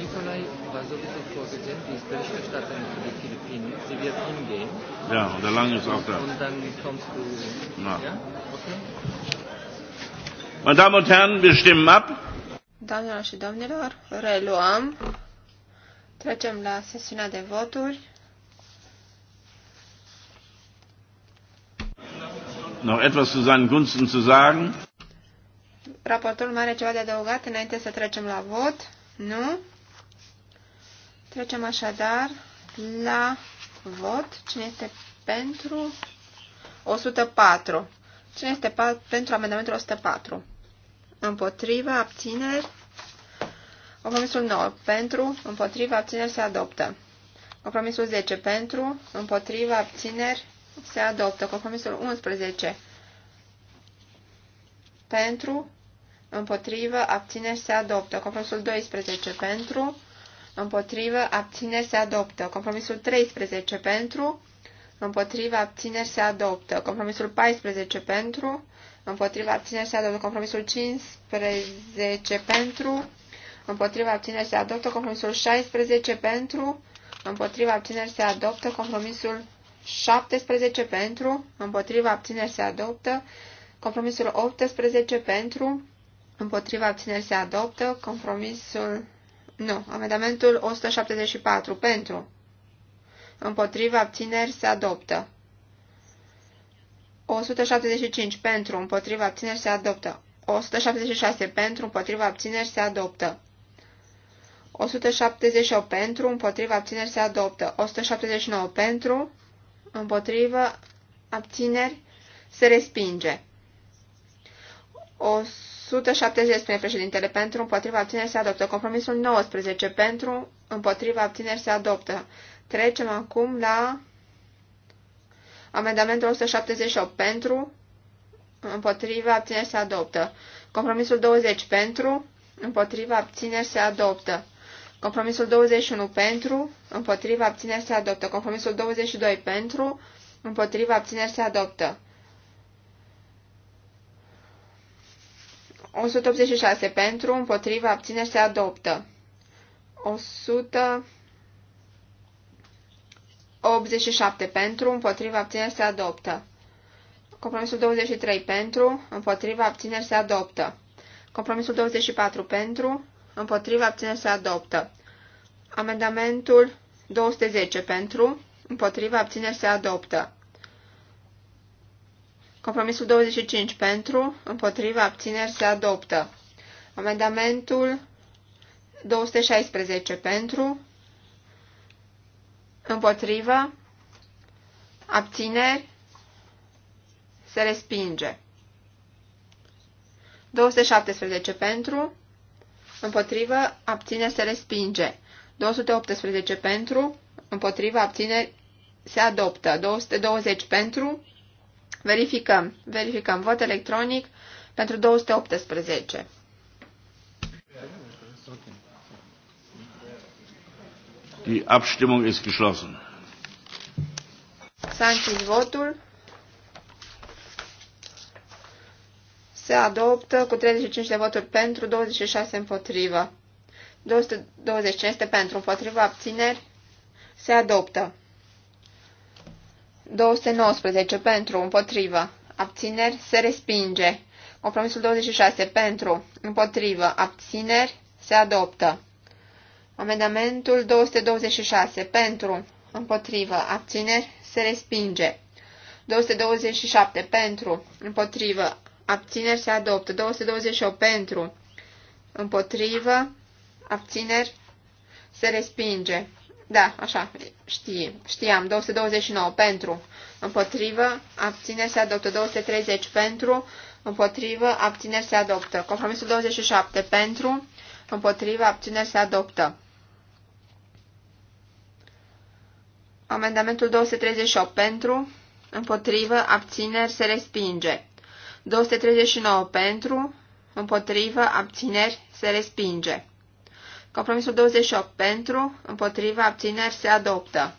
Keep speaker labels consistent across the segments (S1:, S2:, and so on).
S1: Nikolai war sowieso vorgesehen, die ist Berichterstatterin für die Philippinen. Sie wird hingehen. Ja, und der Lange ist auch da. Und dann kommst du. Na. Ja? Okay. Meine Damen und Herren, wir stimmen ab.
S2: Doamnelor și domnilor, reluăm. Trecem la sesiunea de voturi.
S3: Noch etwas zu seinen Gunsten zu sagen?
S2: Raportul mai are ceva de adăugat înainte să trecem la vot? Nu? Trecem așadar la vot. Cine este pentru? 104. Cine este pentru amendamentul 104? Împotriva, abțineri. Compromisul 9. Pentru, împotriva, abțineri se adoptă. Compromisul 10. Pentru, împotriva, abțineri se adoptă. Compromisul 11. Pentru, împotriva, abțineri se adoptă. Compromisul 12. Pentru, împotrivă, abțineri se adoptă. Compromisul 13 pentru, împotrivă, abțineri se adoptă. Compromisul 14 pentru, împotrivă, abțineri se adoptă. Compromisul 15 pentru, împotrivă, abțineri se adoptă. Compromisul 16 pentru, împotrivă, abțineri se adoptă. Compromisul 17 pentru, împotrivă, abțineri se adoptă. Compromisul 18 pentru, împotriva abțineri se adoptă. Compromisul nu. Amendamentul 174. Pentru. Împotriva abțineri se adoptă. 175. Pentru. Împotriva abțineri se adoptă. 176. Pentru. Împotriva abțineri se adoptă. 178 pentru, împotriva abțineri se adoptă. 179 pentru, împotriva abțineri se respinge. 170 spune președintele pentru, împotriva abțineri se adoptă. Compromisul 19 pentru, împotriva abțineri se adoptă. Trecem acum la amendamentul 178 pentru, împotriva abțineri se adoptă. Compromisul 20 pentru, împotriva abțineri se adoptă. Compromisul 21 pentru, împotriva abțineri se adoptă. Compromisul 22 pentru, împotriva abțineri se adoptă. 186 pentru, împotriva, abțineri se adoptă. 187 pentru, împotriva, abțineri se adoptă. Compromisul 23 pentru, împotriva, abțineri se adoptă. Compromisul 24 pentru, împotriva, abțineri se adoptă. Amendamentul 210 pentru, împotriva, abțineri se adoptă. Compromisul 25 pentru, împotriva, abțineri se adoptă. Amendamentul 216 pentru, împotriva, abțineri se respinge. 217 pentru, împotriva, abțineri se respinge. 218 pentru, împotriva, abțineri se adoptă. 220 pentru, Verificăm. Verificăm. Vot electronic pentru 218.
S1: Die Abstimmung ist geschlossen.
S2: S-a închis votul. Se adoptă cu 35 de voturi pentru, 26 împotrivă. 225 pentru, împotrivă, abțineri. Se adoptă. 219 pentru, împotrivă, abțineri, se respinge. Compromisul 26 pentru, împotrivă, abțineri, se adoptă. Amendamentul 226 pentru, împotrivă, abțineri, se respinge. 227 pentru, împotrivă, abțineri, se adoptă. 228 pentru, împotrivă, abțineri, se respinge. Da, așa, știe, știam, 229 pentru, împotrivă, abține, se adoptă, 230 pentru, împotrivă, abține, se adoptă, compromisul 27 pentru, împotrivă, abține, se adoptă. Amendamentul 238 pentru, împotrivă, abțineri se respinge. 239 pentru, împotrivă, abțineri se respinge. Compromisul 28 pentru, împotriva, abțineri se adoptă.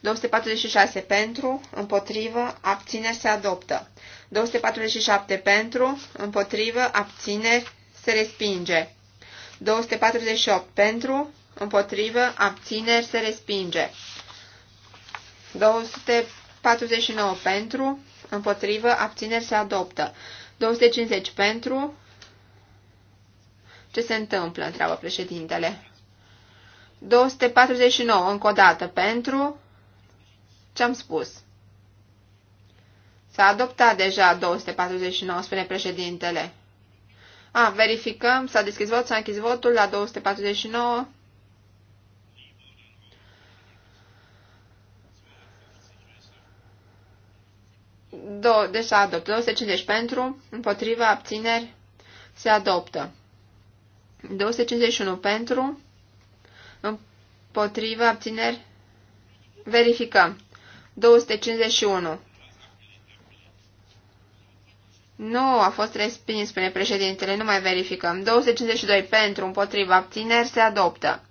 S2: 246 pentru, împotrivă, abțineri se adoptă. 247 pentru, împotrivă, abțineri se respinge. 248 pentru, împotrivă, abțineri se respinge. 249 pentru, împotrivă, abțineri se adoptă. 250 pentru, ce se întâmplă? întreabă președintele. 249, încă o dată, pentru ce-am spus. S-a adoptat deja 249, spune președintele. A, verificăm, s-a deschis vot, s-a închis votul la 249. Do deci s-a adoptat 250 pentru, împotriva, abțineri, se adoptă. 251 pentru, împotriva abțineri, verificăm. 251. Nu, a fost respins, spune președintele, nu mai verificăm. 252 pentru, împotriva, abțineri, se adoptă.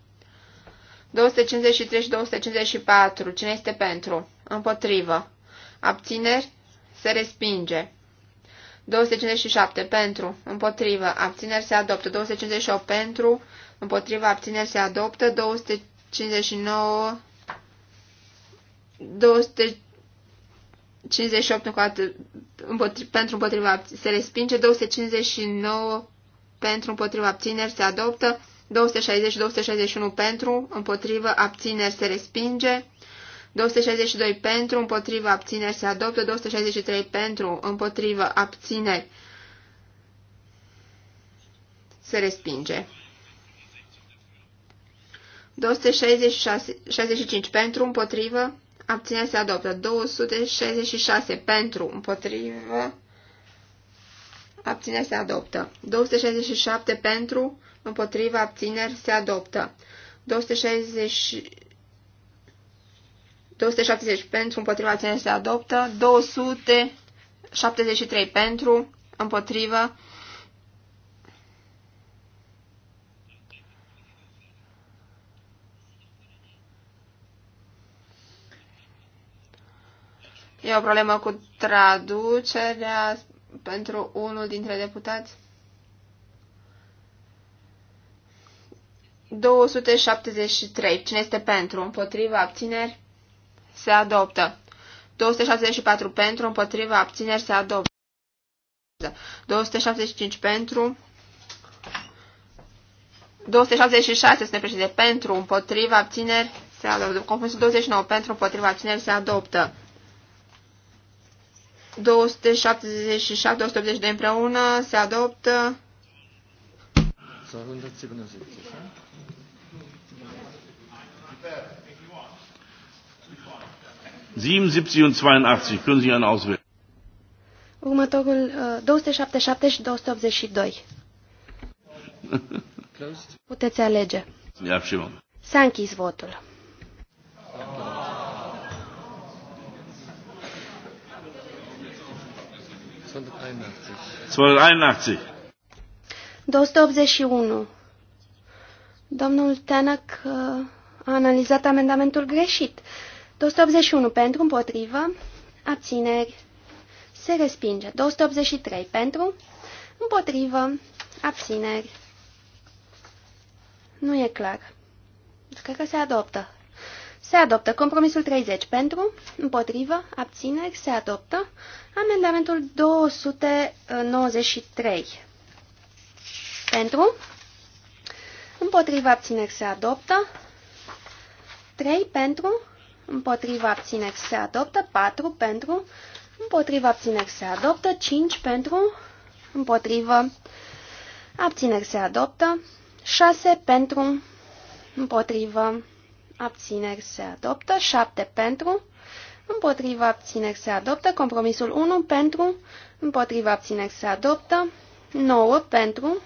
S2: 253 și 254, cine este pentru? Împotrivă. Abțineri, se respinge. 257 pentru, împotrivă, abțineri se adoptă. 258 pentru, împotrivă, abțineri se adoptă. 259, 258 împotri, pentru, împotriva, se respinge. 259 pentru, împotriva, abțineri se adoptă. 260-261 pentru, împotrivă, abțineri se respinge. 262 pentru, împotrivă, abțineri se adoptă, 263 pentru, împotrivă, abțineri se respinge. 265 pentru, împotrivă, abțineri se adoptă, 266 pentru, împotrivă, abțineri se adoptă, 267 pentru, împotrivă, abțineri se adoptă, 260 270 pentru, împotriva ține se adoptă, 273 pentru, împotrivă, E o problemă cu traducerea pentru unul dintre deputați? 273. Cine este pentru? Împotriva? Abțineri? se adoptă. 274 pentru, împotriva, abțineri, se adoptă. 275 pentru, 276 spune președinte, pentru, împotriva, abțineri, se adoptă. Confunsul 29, pentru, împotriva, abțineri, se adoptă. 277, 282 împreună, se adoptă.
S1: 177.
S3: 77 und 82 können Sie einen auswählen. Următorul 277 uh, și 282. Puteți alege. S-a închis votul. Oh. 281. Domnul Tenac uh, a analizat amendamentul greșit. 281 pentru, împotrivă, abțineri, se respinge. 283 pentru, împotrivă, abțineri. Nu e clar. Cred că se adoptă. Se adoptă compromisul 30 pentru, împotrivă, abțineri, se adoptă amendamentul 293 pentru, împotrivă, abțineri, se adoptă 3 pentru, împotriva abțineri se adoptă, 4 pentru, împotriva abțineri se adoptă, 5 pentru, împotriva abțineri se adoptă, 6 pentru, împotriva abțineri se adoptă, 7 pentru, împotriva abțineri se adoptă, compromisul 1 pentru, împotriva abțineri se adoptă, 9 pentru,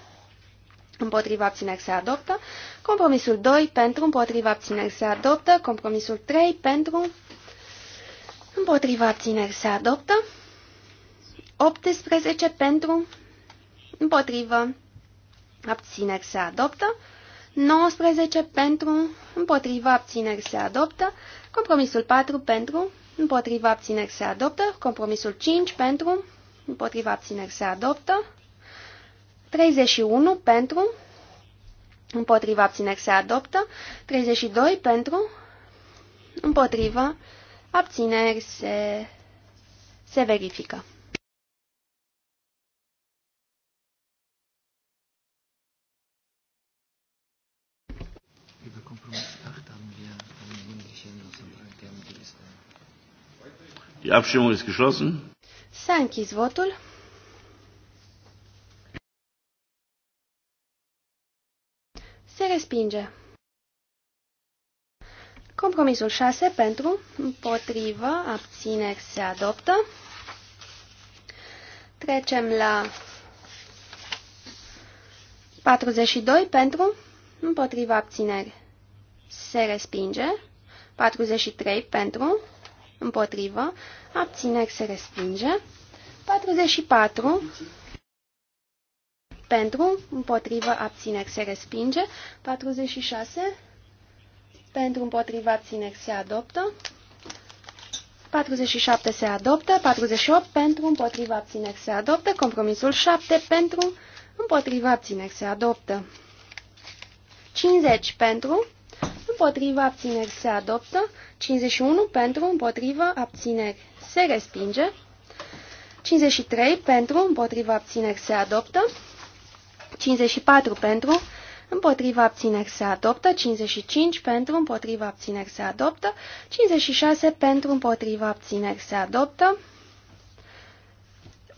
S3: Împotriva abțineri se adoptă. Compromisul 2 pentru. Împotriva abțineri se adoptă. Compromisul 3 pentru. Împotriva abțineri se adoptă. 18 pentru. Împotriva Abțineri se adoptă. 19 pentru. Împotriva abțineri se adoptă. Compromisul 4 pentru. Împotriva abțineri se adoptă. Compromisul 5 pentru. Împotriva abțineri se adoptă. 31 pentru, împotriva abțineri se adoptă, 32 pentru, împotriva abțineri se, se verifică.
S1: Die Abstimmung ist geschlossen.
S3: S-a închis votul. respinge. Compromisul 6 pentru, împotrivă, abțineri se adoptă. Trecem la 42 pentru, împotrivă, abțineri se respinge. 43 pentru, împotrivă, abțineri se respinge. 44 pentru, împotrivă, abțineri se respinge. 46. Pentru, împotrivă, abțineri se adoptă. 47 se adoptă. 48. Pentru, împotriva abțineri se adoptă. Compromisul 7. Pentru, împotriva abțineri se adoptă. 50. Pentru, împotriva abțineri se adoptă. 51. Pentru, împotriva abțineri se respinge. 53. Pentru, împotriva abțineri se adoptă. 54 pentru, împotriva abțineri se adoptă, 55 pentru, împotriva abțineri se adoptă, 56 pentru, împotriva abțineri se adoptă,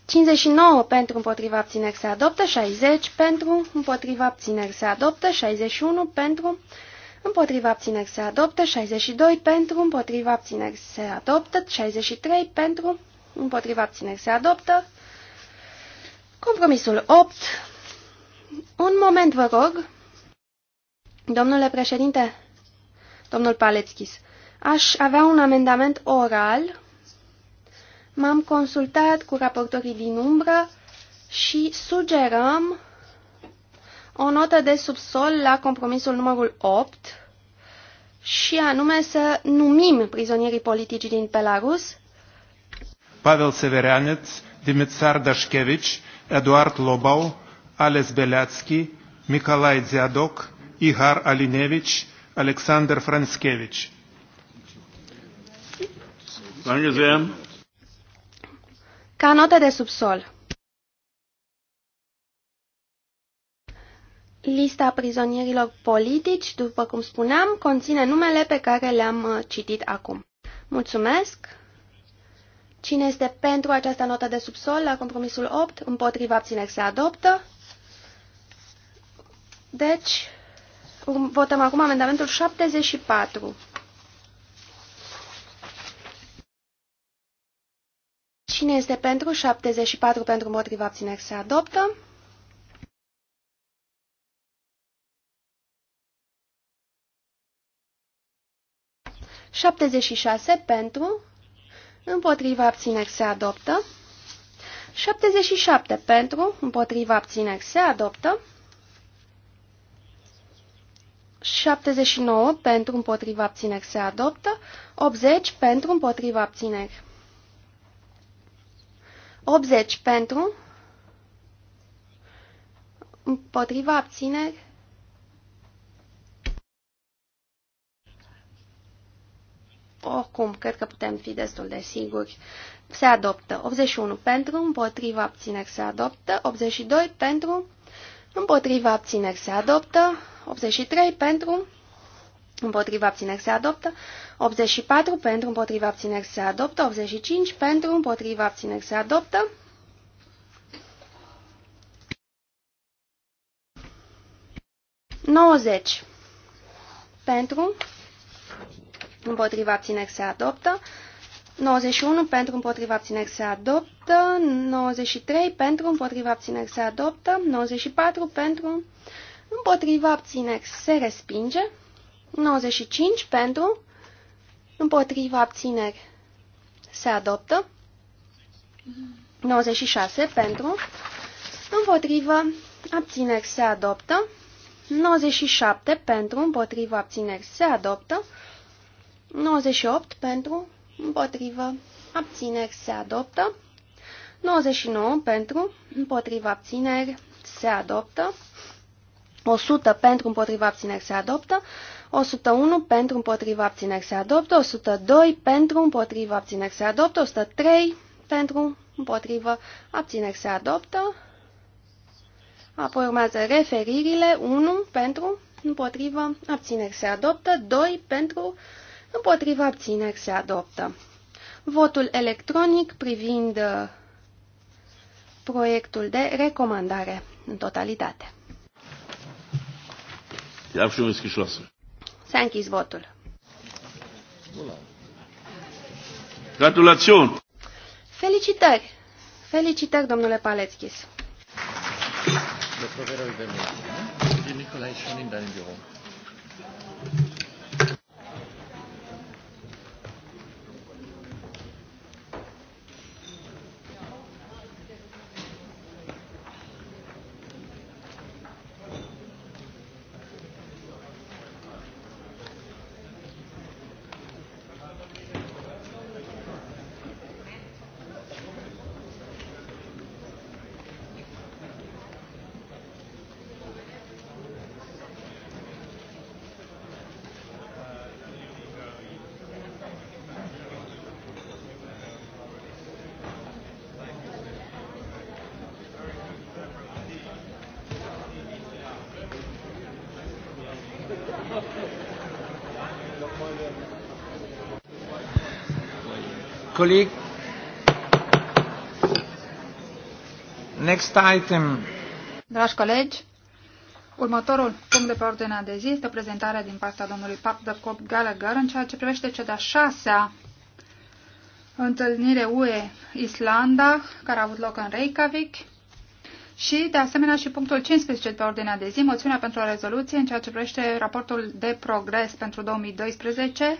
S3: 59 pentru împotriva abțineri se adoptă, 60 pentru împotriva abțineri se adoptă, 61 pentru împotriva abțineri se adoptă, 62 pentru împotriva abțineri se adoptă, 63 pentru împotriva abțineri se adoptă, compromisul 8 un moment, vă rog. Domnule președinte, domnul Palețchis, aș avea un amendament oral. M-am consultat cu raportorii din umbră și sugerăm o notă de subsol la compromisul numărul 8 și anume să numim prizonierii politici din Belarus
S1: Pavel Severeanets, Dimitsar Dașkevici, Eduard Lobau, Ales Beliatski, Mikolai Dziadok, Ihar Alinevich, Alexander Franskevich. Danke
S3: Ca de subsol. Lista prizonierilor politici, după cum spuneam, conține numele pe care le-am uh, citit acum. Mulțumesc! Cine este pentru această notă de subsol la compromisul 8? Împotriva abțineri se adoptă. Deci, um, votăm acum amendamentul 74. Cine este pentru? 74 pentru împotriva abțineri se adoptă. Șaptezeci șase pentru, împotriva abțineri se adoptă. Șaptezeci pentru, împotriva abțineri se adoptă. 79 pentru împotriva abțineri se adoptă, 80 pentru împotriva abțineri. 80 pentru împotriva abțineri. Oricum, cred că putem fi destul de siguri. Se adoptă 81 pentru, împotriva abțineri se adoptă, 82 pentru, Împotriva abțineri se adoptă. 83 pentru. Împotriva abțineri se adoptă. 84 pentru. Împotriva abțineri se adoptă. 85 pentru. Împotriva abțineri se adoptă. Nouăzeci pentru, împotriva abțineri se adoptă, 91 pentru împotriva abțineri se adoptă, 93 pentru împotriva abțineri se adoptă, 94 pentru împotriva abțineri se respinge, 95 pentru împotriva abțineri se adoptă, 96 pentru împotriva abțineri se adoptă, 97 pentru împotriva abțineri se adoptă, 98 pentru împotrivă, abțineri se adoptă. 99 pentru, Împotrivă abțineri se adoptă. 100 pentru, împotriva abțineri se adoptă. 101 pentru, împotriva abțineri se adoptă. 102 pentru, împotriva abțineri se adoptă. 103 pentru, împotrivă, abțineri se adoptă. Apoi urmează referirile, 1 pentru, împotrivă, abțineri se adoptă, 2 pentru, împotriva abțineri se adoptă. Votul electronic privind uh, proiectul de recomandare în totalitate. S-a închis votul.
S1: Gratulațion!
S3: Felicitări! Felicitări, domnule Palețchis!
S1: colleague. Next item.
S4: Dragi colegi, următorul punct de pe ordinea de zi este prezentarea din partea domnului Pap de Cop Gallagher în ceea ce privește cea de-a șasea întâlnire UE-Islanda, care a avut loc în Reykjavik, și, de asemenea, și punctul 15 pe ordinea de zi, moțiunea pentru o rezoluție în ceea ce privește raportul de progres pentru 2012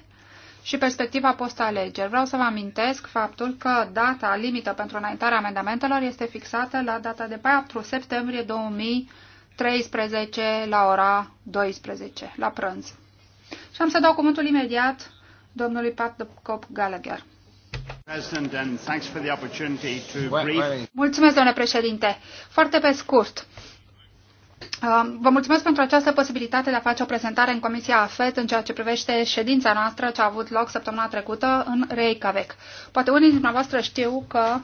S4: și perspectiva post-alegeri. Vreau să vă amintesc faptul că data limită pentru înaintarea amendamentelor este fixată la data de 4 septembrie 2013 la ora 12, la prânz. Și am să dau cuvântul imediat domnului Pat de Cop Gallagher. Mulțumesc, domnule președinte. Foarte pe scurt, Um, vă mulțumesc pentru această posibilitate de a face o prezentare în Comisia AFET în ceea ce privește ședința noastră ce a avut loc săptămâna trecută în Reykjavik. Poate unii dintre dumneavoastră știu că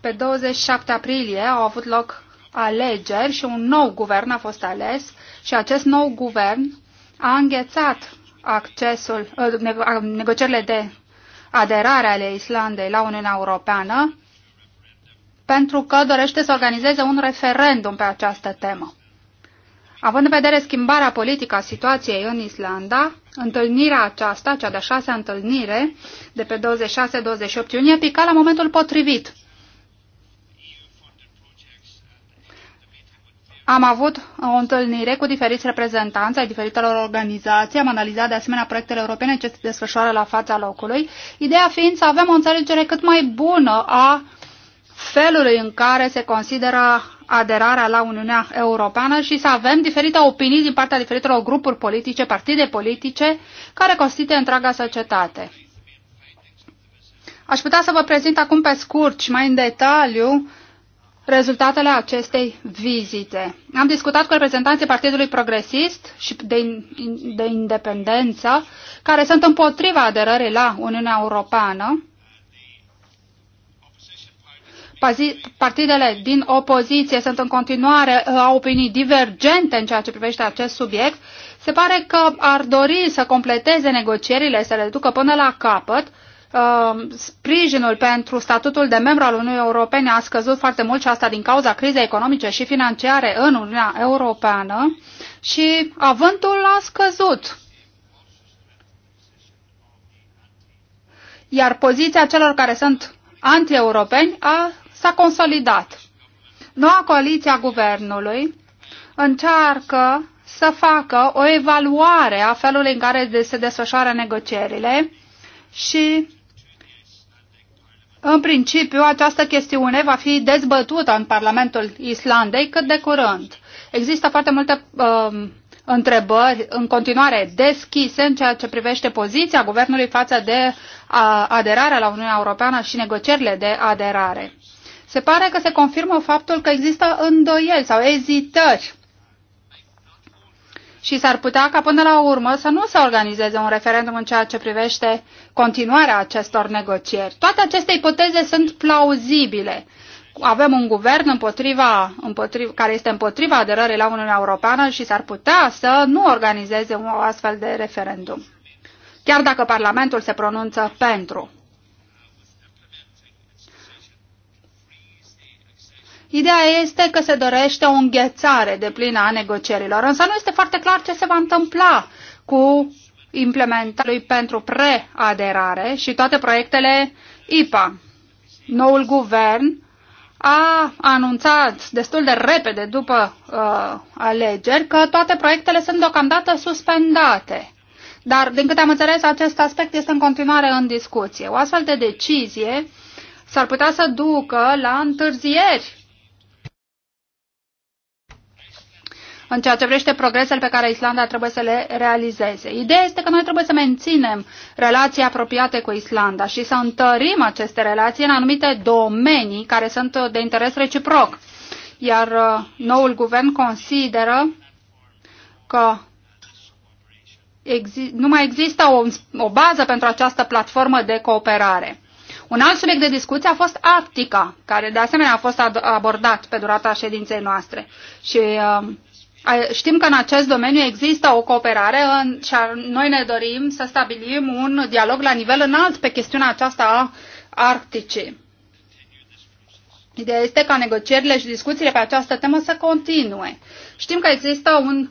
S4: pe 27 aprilie au avut loc alegeri și un nou guvern a fost ales și acest nou guvern a înghețat accesul, uh, negocierile de aderare ale Islandei la Uniunea Europeană pentru că dorește să organizeze un referendum pe această temă. Având în vedere schimbarea politică a situației în Islanda, întâlnirea aceasta, cea de-a șasea întâlnire, de pe 26-28 iunie, pica la momentul potrivit. Am avut o întâlnire cu diferiți reprezentanți ai diferitelor organizații, am analizat de asemenea proiectele europene ce se desfășoară la fața locului, ideea fiind să avem o înțelegere cât mai bună a felului în care se consideră aderarea la Uniunea Europeană și să avem diferite opinii din partea diferitelor grupuri politice, partide politice, care constituie întreaga societate. Aș putea să vă prezint acum pe scurt și mai în detaliu rezultatele acestei vizite. Am discutat cu reprezentanții Partidului Progresist și de, de Independență, care sunt împotriva aderării la Uniunea Europeană Partidele din opoziție sunt în continuare, uh, au opinii divergente în ceea ce privește acest subiect. Se pare că ar dori să completeze negocierile, să le ducă până la capăt. Uh, sprijinul pentru statutul de membru al Uniunii Europene a scăzut foarte mult și asta din cauza crizei economice și financiare în Uniunea Europeană și avântul a scăzut. Iar poziția celor care sunt anti-europeni a s-a consolidat. Noua coaliție a guvernului încearcă să facă o evaluare a felului în care se desfășoară negocierile și, în principiu, această chestiune va fi dezbătută în Parlamentul Islandei cât de curând. Există foarte multe uh, întrebări în continuare deschise în ceea ce privește poziția guvernului față de uh, aderarea la Uniunea Europeană și negocierile de aderare se pare că se confirmă faptul că există îndoieli sau ezitări și s-ar putea ca până la urmă să nu se organizeze un referendum în ceea ce privește continuarea acestor negocieri. Toate aceste ipoteze sunt plauzibile. Avem un guvern împotriva, împotriva, care este împotriva aderării la Uniunea Europeană și s-ar putea să nu organizeze un astfel de referendum, chiar dacă Parlamentul se pronunță pentru. Ideea este că se dorește o înghețare de plină a negocierilor, însă nu este foarte clar ce se va întâmpla cu implementarea lui pentru preaderare și toate proiectele IPA. Noul guvern a anunțat destul de repede după uh, alegeri că toate proiectele sunt deocamdată suspendate. Dar, din câte am înțeles, acest aspect este în continuare în discuție. O astfel de decizie s-ar putea să ducă la întârzieri în ceea ce vrește progresele pe care Islanda trebuie să le realizeze. Ideea este că noi trebuie să menținem relații apropiate cu Islanda și să întărim aceste relații în anumite domenii care sunt de interes reciproc. Iar uh, noul guvern consideră că nu mai există o, o bază pentru această platformă de cooperare. Un alt subiect de discuție a fost Arctica, care de asemenea a fost abordat pe durata ședinței noastre. Și uh, știm că în acest domeniu există o cooperare în, și noi ne dorim să stabilim un dialog la nivel înalt pe chestiunea aceasta a Arcticii. Ideea este ca negocierile și discuțiile pe această temă să continue. Știm că există un,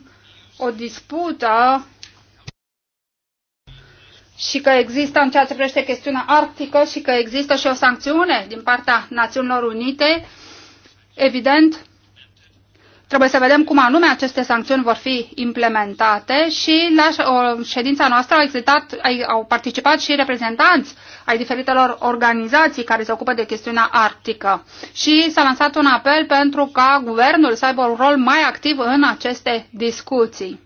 S4: o dispută și că există în ceea ce privește chestiunea arctică și că există și o sancțiune din partea Națiunilor Unite. Evident, Trebuie să vedem cum anume aceste sancțiuni vor fi implementate și la ședința noastră au, existat, au participat și reprezentanți ai diferitelor organizații care se ocupă de chestiunea arctică. Și s-a lansat un apel pentru ca guvernul să aibă un rol mai activ în aceste discuții.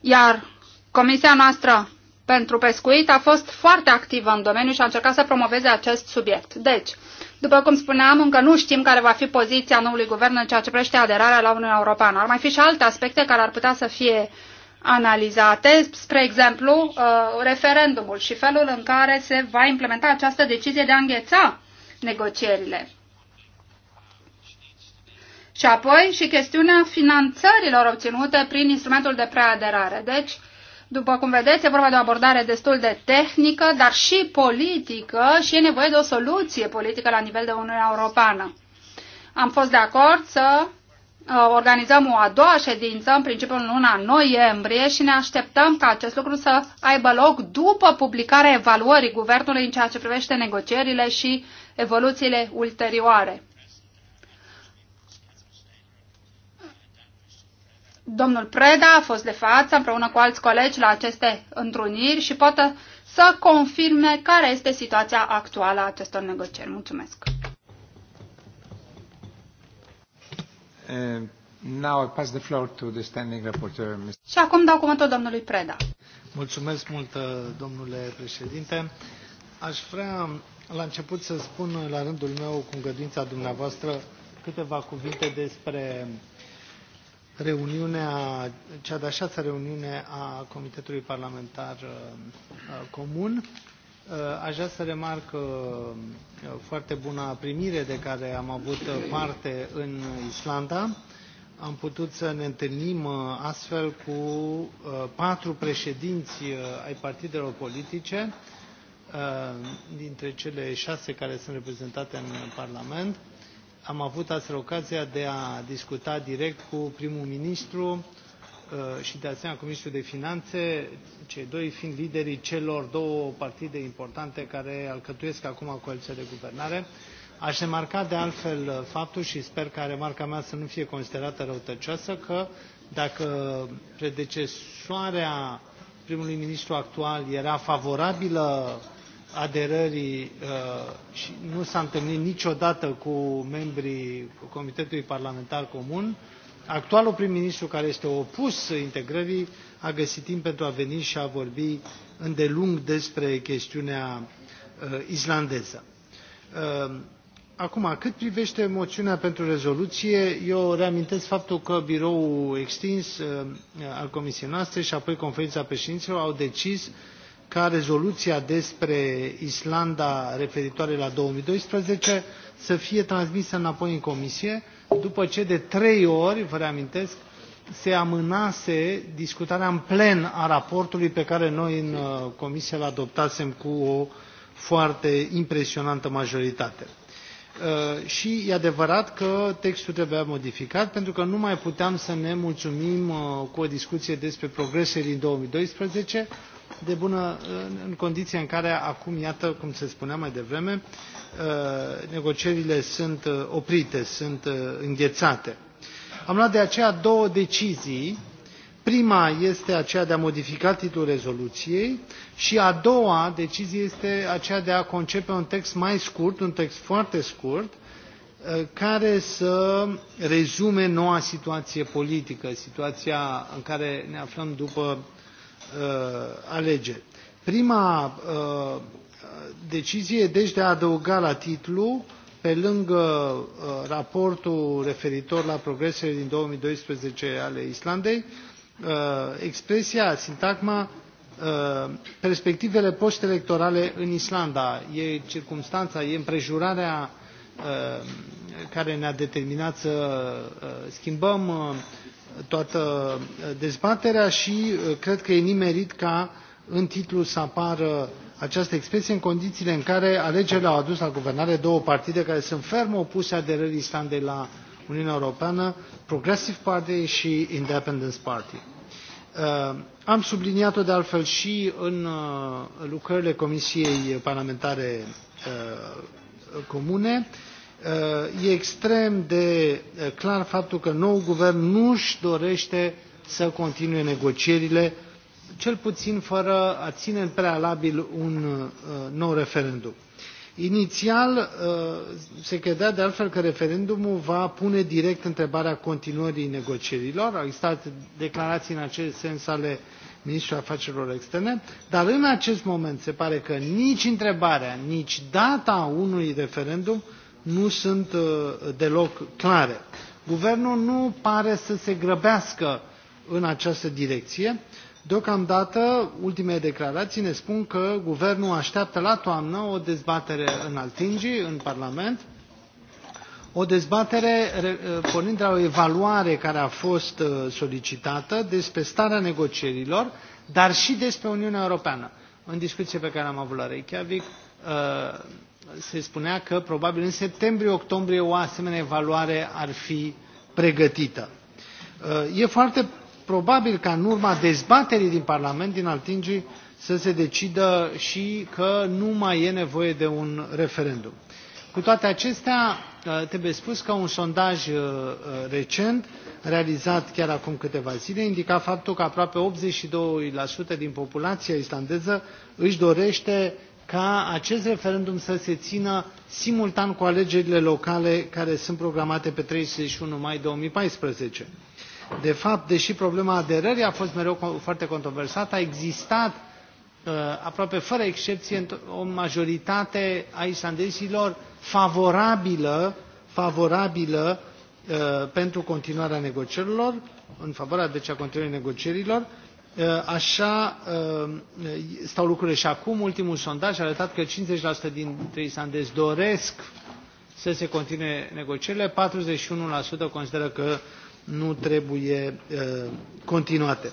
S4: Iar comisia noastră pentru pescuit a fost foarte activă în domeniu și a încercat să promoveze acest subiect. Deci, după cum spuneam, încă nu știm care va fi poziția noului guvern în ceea ce privește aderarea la Uniunea Europeană. Ar mai fi și alte aspecte care ar putea să fie analizate, spre exemplu, uh, referendumul și felul în care se va implementa această decizie de a îngheța negocierile. Și apoi și chestiunea finanțărilor obținute prin instrumentul de preaderare. Deci, după cum vedeți, e vorba de o abordare destul de tehnică, dar și politică și e nevoie de o soluție politică la nivel de Uniunea Europeană. Am fost de acord să uh, organizăm o a doua ședință, în principiu în luna noiembrie, și ne așteptăm ca acest lucru să aibă loc după publicarea evaluării guvernului în ceea ce privește negocierile și evoluțiile ulterioare. Domnul Preda a fost de față împreună cu alți colegi la aceste întruniri și poate să confirme care este situația actuală a acestor negocieri. Mulțumesc! Uh, și acum dau cuvântul domnului Preda.
S1: Mulțumesc mult, uh, domnule președinte. Aș vrea la început să spun la rândul meu, cu îngăduința dumneavoastră, câteva cuvinte despre reuniunea, cea de-a șasea reuniune a Comitetului Parlamentar uh, uh, Comun. Uh, aș vrea să remarc foarte buna primire de care am avut parte în Islanda. Am putut să ne întâlnim astfel cu patru președinți ai partidelor politice, dintre cele șase care sunt reprezentate în Parlament am avut astăzi ocazia de a discuta direct cu primul ministru uh, și de asemenea cu ministrul de finanțe, cei doi fiind liderii celor două partide importante care alcătuiesc acum coaliția de guvernare. Aș remarca de altfel faptul și sper ca remarca mea să nu fie considerată răutăcioasă că dacă predecesoarea primului ministru actual era favorabilă aderării uh, și nu s-a întâlnit niciodată cu membrii Comitetului Parlamentar Comun, actualul prim-ministru care este opus integrării a găsit timp pentru a veni și a vorbi îndelung despre chestiunea uh, islandeză. Uh, acum, cât privește moțiunea pentru rezoluție, eu reamintesc faptul că biroul extins al comisiei noastre și apoi conferința președinților au decis ca rezoluția despre Islanda referitoare la 2012 să fie transmisă înapoi în comisie, după ce de trei ori, vă reamintesc, se amânase discutarea în plen a raportului pe care noi în uh, comisie îl adoptasem cu o foarte impresionantă majoritate. Uh, și e adevărat că textul trebuia modificat pentru că nu mai puteam să ne mulțumim uh, cu o discuție despre progrese din 2012, de bună în condiția în care acum, iată, cum se spunea mai devreme, uh, negocierile sunt uh, oprite, sunt uh, înghețate. Am luat de aceea două decizii. Prima este aceea de a modifica titlul rezoluției și a doua decizie este aceea de a concepe un text mai scurt, un text foarte scurt, care să rezume noua situație politică, situația în care ne aflăm după Uh, alegeri. Prima uh, decizie deci de a adăuga la titlu pe lângă uh, raportul referitor la progresele din 2012 ale Islandei, expresia, sintagma, perspectivele postelectorale în Islanda. E circumstanța, e împrejurarea care ne-a determinat să schimbăm toată uh, dezbaterea și uh, cred că e nimerit ca în titlu să apară această expresie în condițiile în care alegerile au adus la guvernare două partide care sunt ferm opuse aderării islandei la uniunea europeană progressive party și independence party. Uh, am subliniat o de altfel și în lucrările comisiei parlamentare comune Uh, e extrem de uh, clar faptul că noul guvern nu își dorește să continue negocierile, cel puțin fără a ține în prealabil un uh, nou referendum. Inițial, se credea de altfel că referendumul va pune direct întrebarea continuării negocierilor. Au existat declarații în acest sens ale ministrului afacerilor externe, dar în acest moment se pare că nici întrebarea, nici data unui referendum nu sunt uh, deloc clare. Guvernul nu pare să se grăbească în această direcție. Deocamdată, ultimele declarații ne spun că guvernul așteaptă la toamnă o dezbatere în Altingi, în Parlament, o dezbatere uh, pornind de la o evaluare care a fost uh, solicitată despre starea negocierilor, dar și despre Uniunea Europeană. În discuție pe care am avut la Reykjavik, se spunea că probabil în septembrie-octombrie o asemenea evaluare ar fi pregătită. Uh, e foarte probabil ca în urma dezbaterii din Parlament, din Altingi, să se decidă și că nu mai e nevoie de un referendum. Cu toate acestea, uh, trebuie spus că un sondaj uh, recent, realizat chiar acum câteva zile, indica faptul că aproape 82% din populația islandeză își dorește ca acest referendum să se țină simultan cu alegerile locale care sunt programate pe 31 mai 2014. De fapt, deși problema aderării a fost mereu foarte controversată, a existat uh, aproape fără excepție o majoritate a islandezilor favorabilă, favorabilă uh, pentru continuarea negocierilor, în favoarea deci a continuării negocierilor Uh, așa uh, stau lucrurile și acum. Ultimul sondaj a arătat că 50% dintre islandezi doresc să se continue negocierile, 41% consideră că nu trebuie uh, continuate.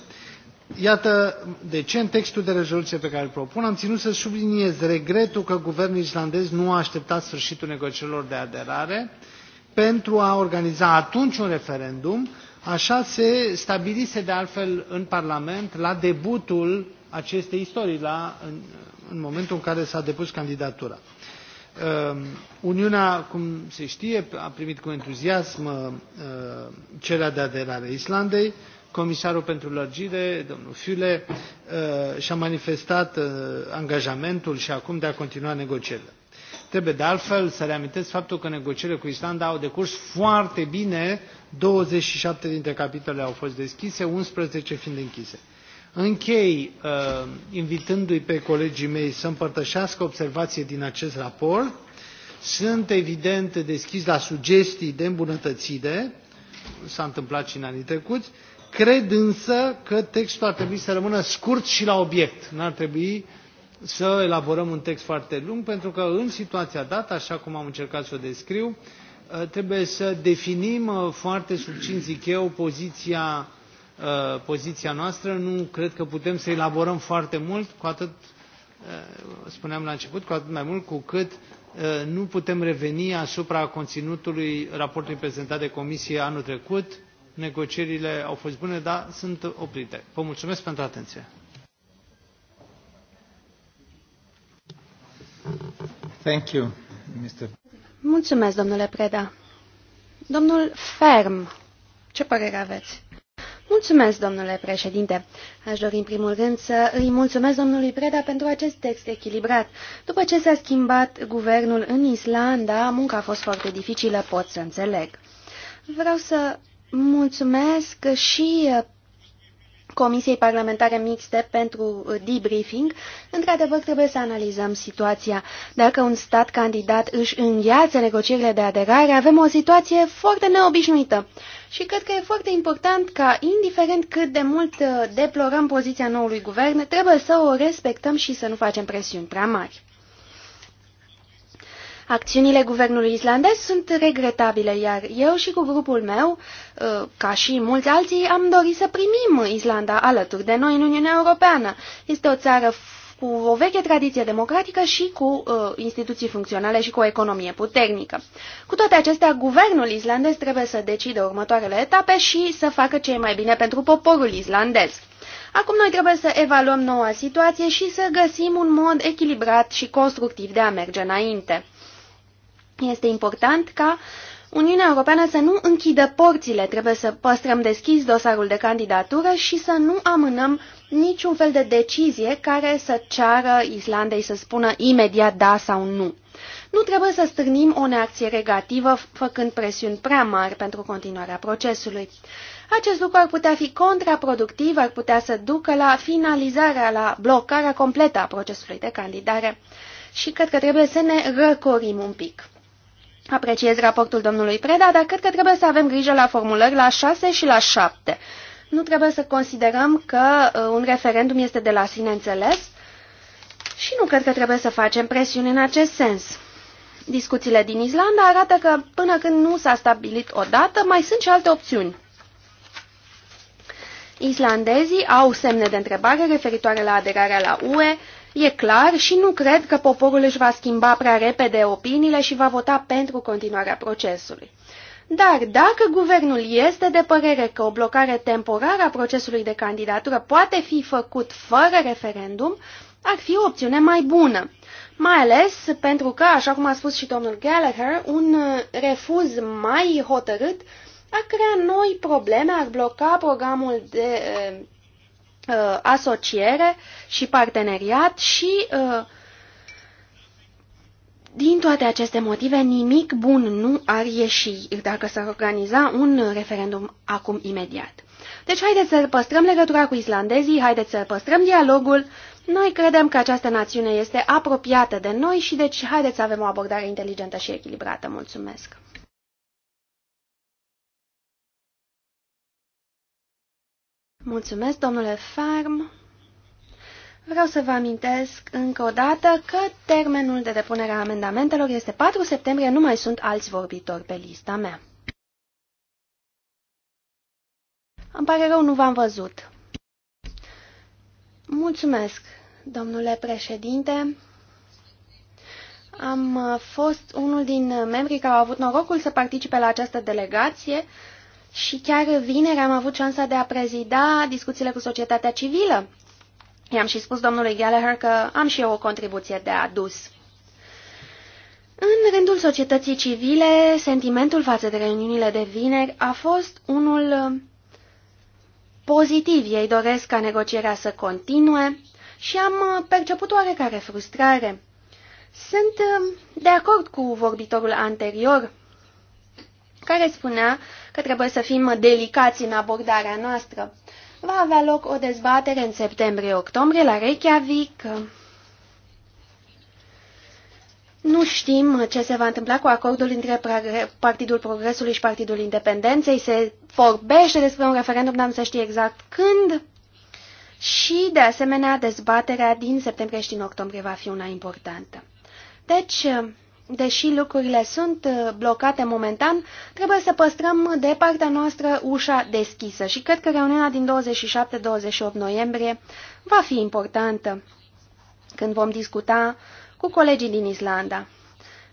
S1: Iată de ce în textul de rezoluție pe care îl propun am ținut să subliniez regretul că guvernul islandez nu a așteptat sfârșitul negocierilor de aderare pentru a organiza atunci un referendum Așa se stabilise de altfel în Parlament la debutul acestei istorii, la, în, în momentul în care s-a depus candidatura. Uh, Uniunea, cum se știe, a primit cu entuziasm uh, cererea de aderare Islandei. Comisarul pentru lărgire, domnul Fiule, uh, ehm, și-a manifestat angajamentul și acum de a continua negocierile. Trebuie de altfel să reamintesc faptul că negocierile cu Islanda au decurs foarte bine douăzeci și șapte dintre capitole au fost deschise, 11 fiind închise. Închei uh, invitându-i pe colegii mei să împărtășească observații din acest raport. Sunt evident deschis la sugestii de îmbunătățire, s-a întâmplat și în anii trecuți, cred însă că textul ar trebui să rămână scurt și la obiect. Nu ar trebui să elaborăm un text foarte lung, pentru că în situația dată, așa cum am încercat să o descriu, Uh, trebuie să definim uh, foarte succint zic eu, poziția, uh, poziția noastră. Nu cred că putem să elaborăm foarte mult, cu atât, spuneam la început, cu atât mai mult cu cât nu putem reveni asupra conținutului raportului prezentat de Comisie anul trecut. Negocierile au fost bune, dar sunt oprite. Vă mulțumesc pentru atenție. Thank you, Mr.
S3: Mulțumesc, domnule Preda. Domnul Ferm, ce părere aveți? Mulțumesc, domnule președinte. Aș dori în primul rând să îi mulțumesc domnului Preda pentru acest text echilibrat. După ce s-a schimbat guvernul în Islanda, munca a fost foarte dificilă, pot să înțeleg. Vreau să mulțumesc și Comisiei Parlamentare Mixte pentru uh, debriefing, într-adevăr trebuie să analizăm situația. Dacă un stat candidat își îngheață negocierile de aderare, avem o situație foarte neobișnuită. Și cred că e foarte important ca, indiferent cât de mult uh, deplorăm poziția noului guvern, trebuie să o respectăm și să nu facem presiuni prea mari. Acțiunile guvernului islandez sunt regretabile, iar eu și cu grupul meu, ă, ca și mulți alții, am dorit să primim Islanda alături de noi în Uniunea Europeană. Este o țară cu o veche tradiție democratică și cu uh, instituții funcționale și cu o economie puternică. Cu toate acestea, guvernul islandez trebuie să decide următoarele etape și să facă ce e mai bine pentru poporul islandez. Acum noi trebuie să evaluăm noua situație și să găsim un mod echilibrat și constructiv de a merge înainte. Este important ca Uniunea Europeană să nu închidă porțile, trebuie să păstrăm deschis dosarul de candidatură și să nu amânăm niciun fel de decizie care să ceară Islandei să spună imediat da sau nu. Nu trebuie să strânim o reacție negativă făcând presiuni prea mari pentru continuarea procesului. Acest lucru ar putea fi contraproductiv, ar putea să ducă la finalizarea, la blocarea completă a procesului de candidare și cred că trebuie să ne răcorim un pic. Apreciez raportul domnului Preda, dar cred că trebuie să avem grijă la formulări la 6 și la 7. Nu trebuie să considerăm că uh, un referendum este de la sine înțeles și nu cred că trebuie să facem presiune în acest sens. Discuțiile din Islanda arată că până când nu s-a stabilit o dată, mai sunt și alte opțiuni. Islandezii au semne de întrebare referitoare la aderarea la UE, E clar și nu cred că poporul își va schimba prea repede opiniile și va vota pentru continuarea procesului. Dar dacă guvernul este de părere că o blocare temporară a procesului de candidatură poate fi făcut fără referendum, ar fi o opțiune mai bună. Mai ales pentru că, așa cum a spus și domnul Gallagher, un uh, refuz mai hotărât ar crea noi probleme, ar bloca programul de uh, uh, asociere și parteneriat și uh, din toate aceste motive nimic bun nu ar ieși dacă s-ar organiza un referendum acum imediat. Deci haideți să păstrăm legătura cu islandezii, haideți să păstrăm dialogul. Noi credem că această națiune este apropiată de noi și deci haideți să avem o abordare inteligentă și echilibrată. Mulțumesc! Mulțumesc, domnule Farm. Vreau să vă amintesc încă o dată că termenul de depunere a amendamentelor este 4 septembrie, nu mai sunt alți vorbitori pe lista mea. Îmi pare rău, nu v-am văzut. Mulțumesc, domnule președinte. Am fost unul din membrii care au avut norocul să participe la această delegație și chiar vineri am avut șansa de a prezida discuțiile cu societatea civilă. I-am și spus domnului Gallagher că am și eu o contribuție de adus. În rândul societății civile, sentimentul față de reuniunile de vineri a fost unul pozitiv. Ei doresc ca negocierea să continue și am perceput oarecare frustrare. Sunt de acord cu vorbitorul anterior care spunea că trebuie să fim delicați în abordarea noastră. Va avea loc o dezbatere în septembrie-octombrie la Reykjavik. Nu știm ce se va întâmpla cu acordul între Partidul Progresului și Partidul Independenței. Se vorbește despre un referendum, dar nu se știe exact când. Și, de asemenea, dezbaterea din septembrie și din octombrie va fi una importantă. Deci, deși lucrurile sunt uh, blocate momentan, trebuie să păstrăm de partea noastră ușa deschisă și cred că reuniunea din 27-28 noiembrie va fi importantă când vom discuta cu colegii din Islanda.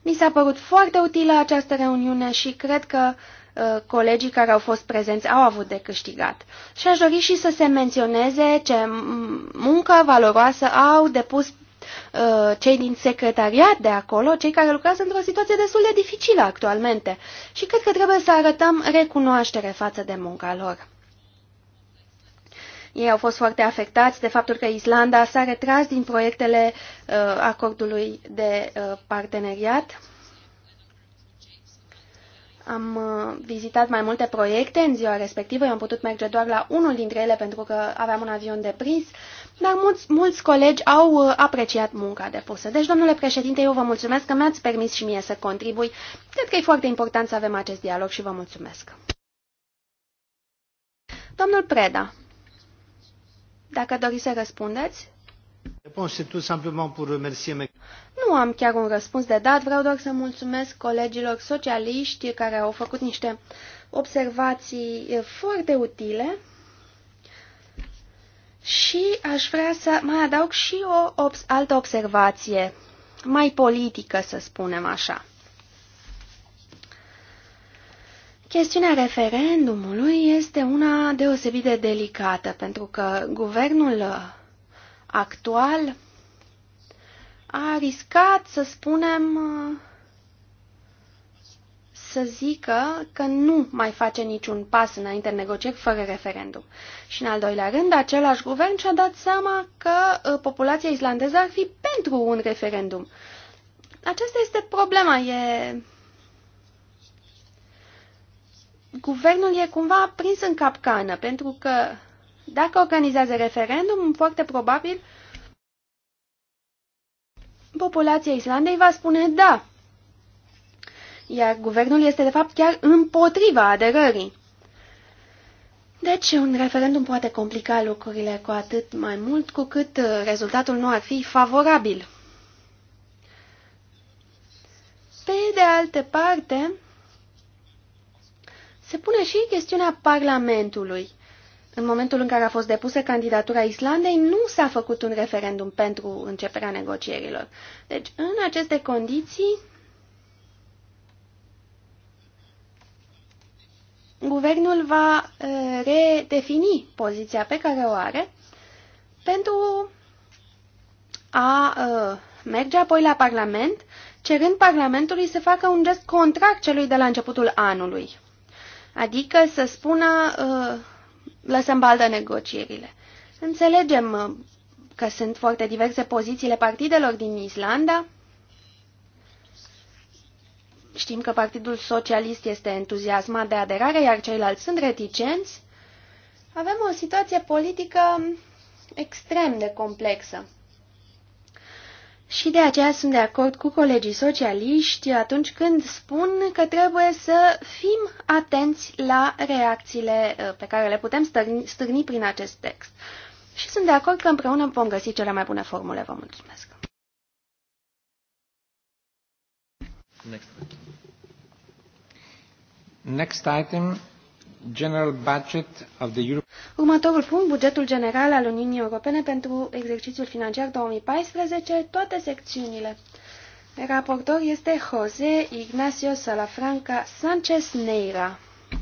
S3: Mi s-a părut foarte utilă această reuniune și cred că uh, colegii care au fost prezenți au avut de câștigat. Și aș dori și să se menționeze ce muncă valoroasă au depus Uh, cei din secretariat de acolo, cei care lucrează într-o situație destul de dificilă actualmente și cred că trebuie să arătăm recunoaștere față de munca lor. Ei au fost foarte afectați de faptul că Islanda s-a retras din proiectele uh, acordului de uh, parteneriat. Am uh, vizitat mai multe proiecte în ziua respectivă, eu am putut merge doar la unul dintre ele pentru că aveam un avion de prins. Uh, dar mulți, mulți colegi au uh, apreciat munca depusă. Deci, domnule președinte, eu vă mulțumesc că mi-ați permis și mie să contribui. Cred că e foarte important să avem acest dialog și vă mulțumesc. Domnul Preda, dacă doriți să răspundeți. Nu am chiar un răspuns de dat, vreau doar să mulțumesc colegilor socialiști care au făcut niște observații eh, foarte utile. Și aș vrea să mai adaug și o obs altă observație, mai politică, să spunem așa. Chestiunea referendumului este una deosebit de delicată, pentru că guvernul actual a riscat, să spunem, să zică că nu mai face niciun pas înainte în negocieri fără referendum. Și în al doilea rând, același guvern și-a dat seama că uh, populația islandeză ar fi pentru un referendum. Aceasta este problema, e... Guvernul e cumva prins în capcană, pentru că dacă organizează referendum, foarte probabil populația Islandei va spune da, iar guvernul este de fapt chiar împotriva aderării. Deci, un referendum poate complica lucrurile cu atât mai mult cu cât uh, rezultatul nu ar fi favorabil. Pe de altă parte, se pune și chestiunea Parlamentului. În momentul în care a fost depusă candidatura Islandei, nu s-a făcut un referendum pentru începerea negocierilor. Deci, în aceste condiții, guvernul va redefini poziția pe care o are pentru a merge apoi la Parlament, cerând Parlamentului să facă un gest contrar celui de la începutul anului. Adică să spună, lăsăm baldă negocierile. Înțelegem că sunt foarte diverse pozițiile partidelor din Islanda, Știm că Partidul Socialist este entuziasmat de aderare, iar ceilalți sunt reticenți. Avem o situație politică extrem de complexă. Și de aceea sunt de acord cu colegii socialiști atunci când spun că trebuie să fim atenți la reacțiile uh, pe care le putem stârni, stârni prin acest text. Și sunt de acord că împreună vom găsi cele mai bune formule. Vă mulțumesc!
S1: Next. Next item, general budget of the Europe...
S3: Următorul punct, bugetul general al Uniunii Europene pentru exercițiul financiar 2014, toate secțiunile. Raportor este José Ignacio Salafranca Sánchez Neira.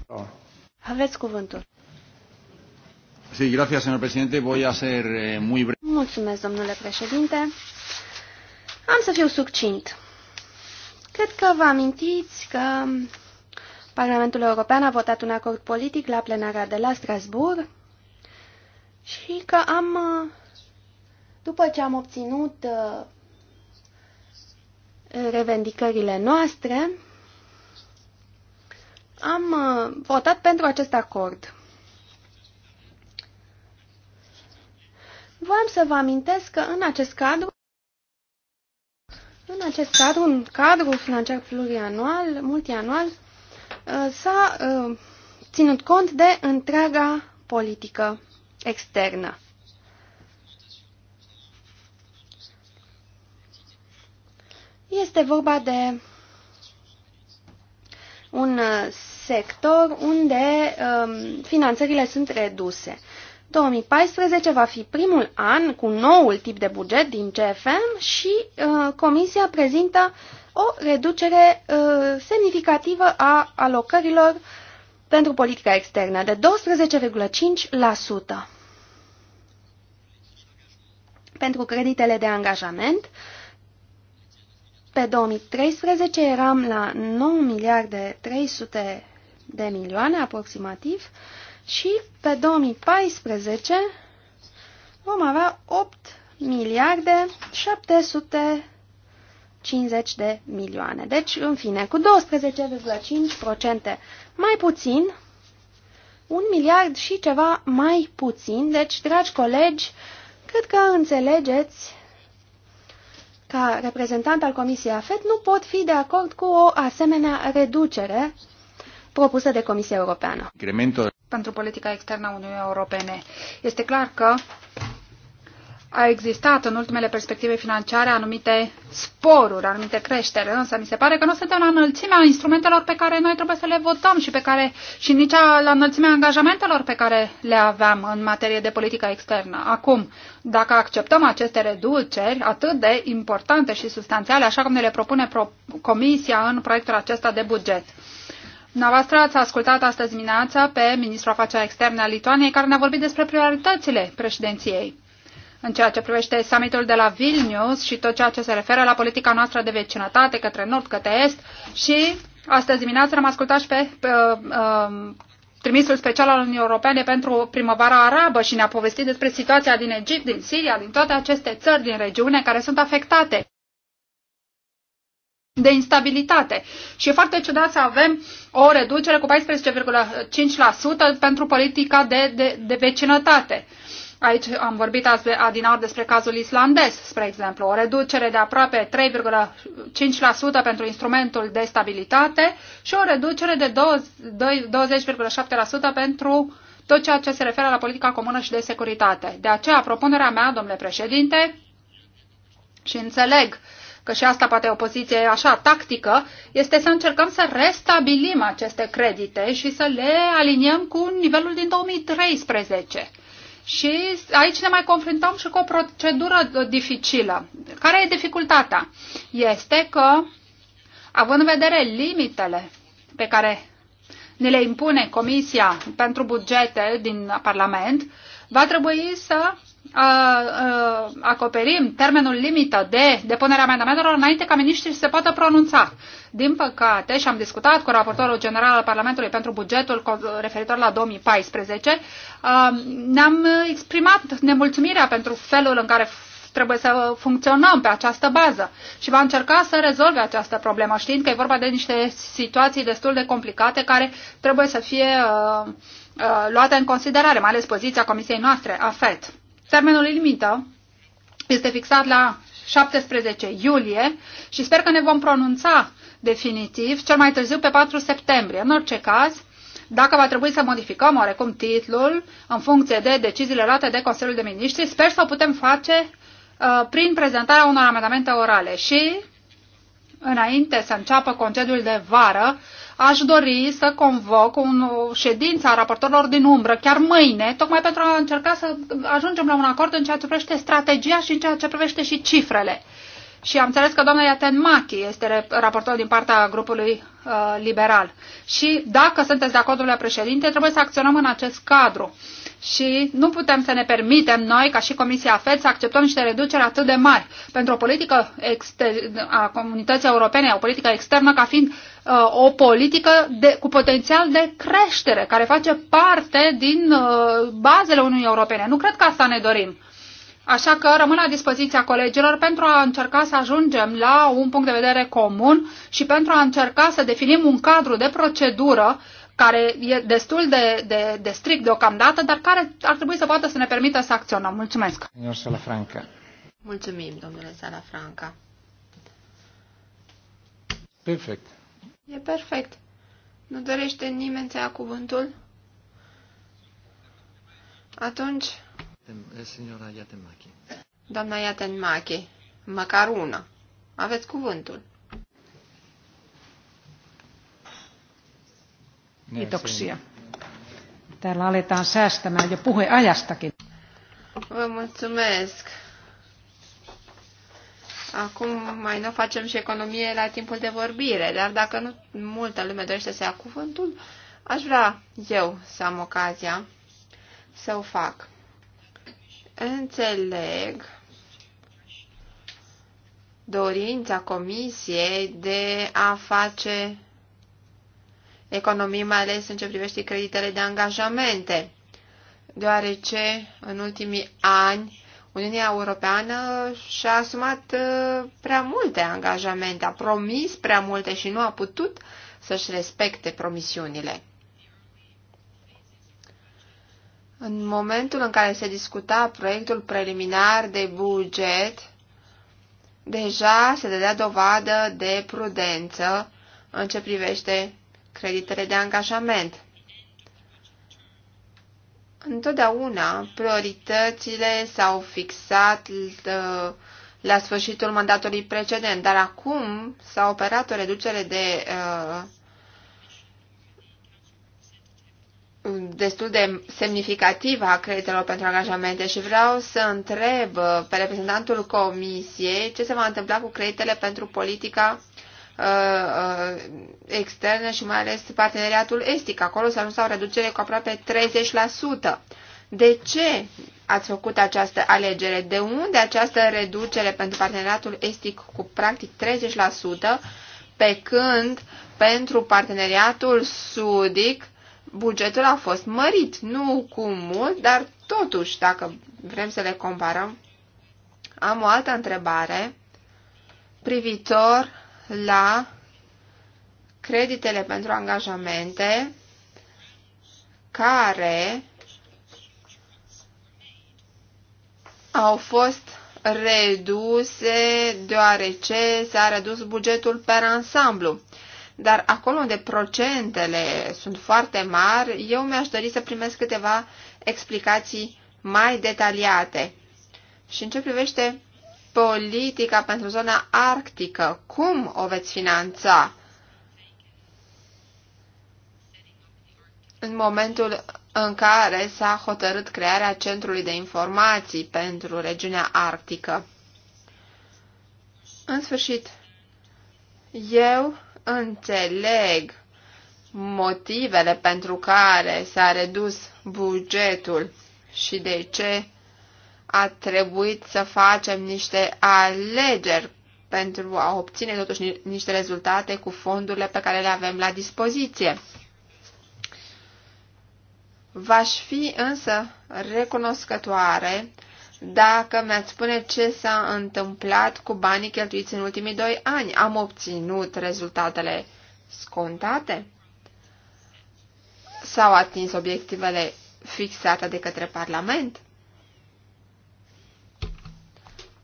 S3: Oh. Aveți cuvântul.
S1: Sí, gracias, señor presidente. Voy a ser eh, muy breve.
S3: Mulțumesc, domnule președinte. Am să fiu succint. Cred că vă amintiți că Parlamentul European a votat un acord politic la plenarea de la Strasbourg și că am, după ce am obținut uh, revendicările noastre, am uh, votat pentru acest acord. Voiam să vă amintesc că în acest cadru în acest cadru, în cadrul financiar plurianual, multianual, uh, s-a uh, ținut cont de întreaga politică externă. Este vorba de un uh, sector unde um, finanțările sunt reduse. 2014 va fi primul an cu noul tip de buget din CFM și uh, Comisia prezintă o reducere uh, semnificativă a alocărilor pentru politica externă de 12,5%. Pentru creditele de angajament, pe 2013 eram la 9 miliarde 300 de milioane aproximativ, uh, și pe 2014 vom avea 8 miliarde 750 de milioane. Deci, în fine, cu 12,5% mai puțin, un miliard și ceva mai puțin. Deci, dragi colegi, cred că înțelegeți ca reprezentant al Comisiei AFET, nu pot fi de acord cu o asemenea reducere propusă de Comisia Europeană pentru politica externă a Uniunii Europene. Este clar că a
S4: existat în ultimele perspective financiare anumite sporuri, anumite creșteri, însă mi se pare că nu suntem la înălțimea instrumentelor pe care noi trebuie să le votăm și, pe care, și nici la înălțimea angajamentelor pe care le aveam în materie de politică externă. Acum, dacă acceptăm aceste reduceri atât de importante și substanțiale, așa cum ne le propune Comisia în proiectul acesta de buget, Dumneavoastră ați ascultat astăzi dimineața pe ministrul afacerilor externe al Lituaniei, care ne-a vorbit despre prioritățile președinției în ceea ce privește summitul de la Vilnius și tot ceea ce se referă la politica noastră de vecinătate către nord, către est și astăzi dimineața am ascultat și pe, pe uh, um, trimisul special al Uniunii Europene pentru primăvara arabă și ne-a povestit despre situația din Egipt, din Siria, din toate aceste țări din regiune care sunt afectate de instabilitate. Și e foarte ciudat să avem o reducere cu 14,5% pentru politica de, de, de vecinătate. Aici am vorbit azi adinaur despre cazul islandez, spre exemplu, o reducere de aproape 3,5% pentru instrumentul de stabilitate și o reducere de 20,7% pentru tot ceea ce se referă la politica comună și de securitate. De aceea, propunerea mea, domnule președinte, și înțeleg uh, că și asta poate o poziție așa tactică, este să încercăm să restabilim aceste credite și să le aliniem cu nivelul din 2013. Și aici ne mai confruntăm și cu o procedură dificilă. Care e dificultatea? Este că, având în vedere limitele pe care ne le impune Comisia pentru bugete din Parlament, va trebui să acoperim termenul limită de depunere a amendamentelor înainte ca miniștrii să se poată pronunța. Din păcate, și am discutat cu raportorul general al Parlamentului pentru bugetul referitor la 2014, ne-am exprimat nemulțumirea pentru felul în care trebuie să funcționăm pe această bază și va încerca să rezolve această problemă, știind că e vorba de niște situații destul de complicate care trebuie să fie uh, uh, luate în considerare, mai ales poziția comisiei noastre, AFET. Termenul limită este fixat la 17 iulie și sper că ne vom pronunța definitiv cel mai târziu pe 4 septembrie. În orice caz, dacă va trebui să modificăm oarecum titlul în funcție de deciziile luate de Consiliul de Ministri, sper să o putem face uh, prin prezentarea unor amendamente orale și înainte să înceapă concediul de vară, aș dori să convoc o ședință a raportorilor din umbră, chiar mâine, tocmai pentru a încerca să ajungem la un acord în ceea ce privește strategia și în ceea ce privește și cifrele. Și am înțeles că doamna Iaten Machi este raportor din partea grupului uh, liberal. Și dacă sunteți de acord, domnule președinte, trebuie să acționăm în acest cadru. Și nu putem să ne permitem noi, ca și Comisia FED, să acceptăm niște reduceri atât de mari pentru o politică a comunității europene, o politică externă, ca fiind uh, o politică de, cu potențial de creștere, care face parte din uh, bazele Uniunii Europene. Nu cred că asta ne dorim. Așa că rămân la dispoziția colegilor pentru a încerca să ajungem la un punct de vedere comun și pentru a încerca să definim un cadru de procedură care e destul de, de, de strict deocamdată, dar care ar trebui să poată să ne permită să acționăm. Mulțumesc!
S1: Salafranca.
S4: Mulțumim,
S2: domnule Salafranca. Perfect. E perfect. Nu dorește nimeni să ia cuvântul? Atunci,
S1: Eh, Signora Iatenmachi.
S2: Doamna Iatenmache, măcar una. Aveți cuvântul.
S4: Kiitoksia. Täällä aletaan säästämään jo puheajastakin.
S2: Vă mulțumesc. Acum mai nu facem și economie la timpul de vorbire, dar dacă nu multă lume dorește să ia cuvântul, aș vrea eu să am ocazia să o fac. Înțeleg dorința comisiei de a face economii, mai ales în ce privește creditele de angajamente, deoarece în ultimii ani Uniunea Europeană și-a asumat uh, prea multe angajamente, a promis prea multe și nu a putut să-și respecte promisiunile. În momentul în care se discuta proiectul preliminar de buget, deja se dădea dovadă de prudență în ce privește creditele de angajament. Întotdeauna prioritățile s-au fixat uh, la sfârșitul mandatului precedent, dar acum s-a operat o reducere de uh, destul de semnificativă a creditelor pentru angajamente și vreau să întreb uh, pe reprezentantul Comisiei ce se va întâmpla cu creditele pentru politica uh, uh, externă și mai ales parteneriatul estic. Acolo s-a ajuns la o reducere cu aproape 30%. De ce ați făcut această alegere? De unde această reducere pentru parteneriatul estic cu practic 30%, pe când pentru parteneriatul sudic bugetul a fost mărit, nu cu mult, dar totuși, dacă vrem să le comparăm, am o altă întrebare privitor la creditele pentru angajamente care au fost reduse deoarece s-a redus bugetul per ansamblu dar acolo unde procentele sunt foarte mari, eu mi-aș dori să primesc câteva explicații mai detaliate. Și în ce privește politica pentru zona arctică, cum o veți finanța? În momentul în care s-a hotărât crearea Centrului de Informații pentru regiunea arctică. În sfârșit, eu înțeleg motivele pentru care s-a redus bugetul și de ce a trebuit să facem niște alegeri pentru a obține totuși niște rezultate cu fondurile pe care le avem la dispoziție. V-aș fi însă recunoscătoare dacă mi-ați spune ce s-a întâmplat cu banii cheltuiți în ultimii doi ani. Am obținut rezultatele scontate? S-au atins obiectivele fixate de către Parlament?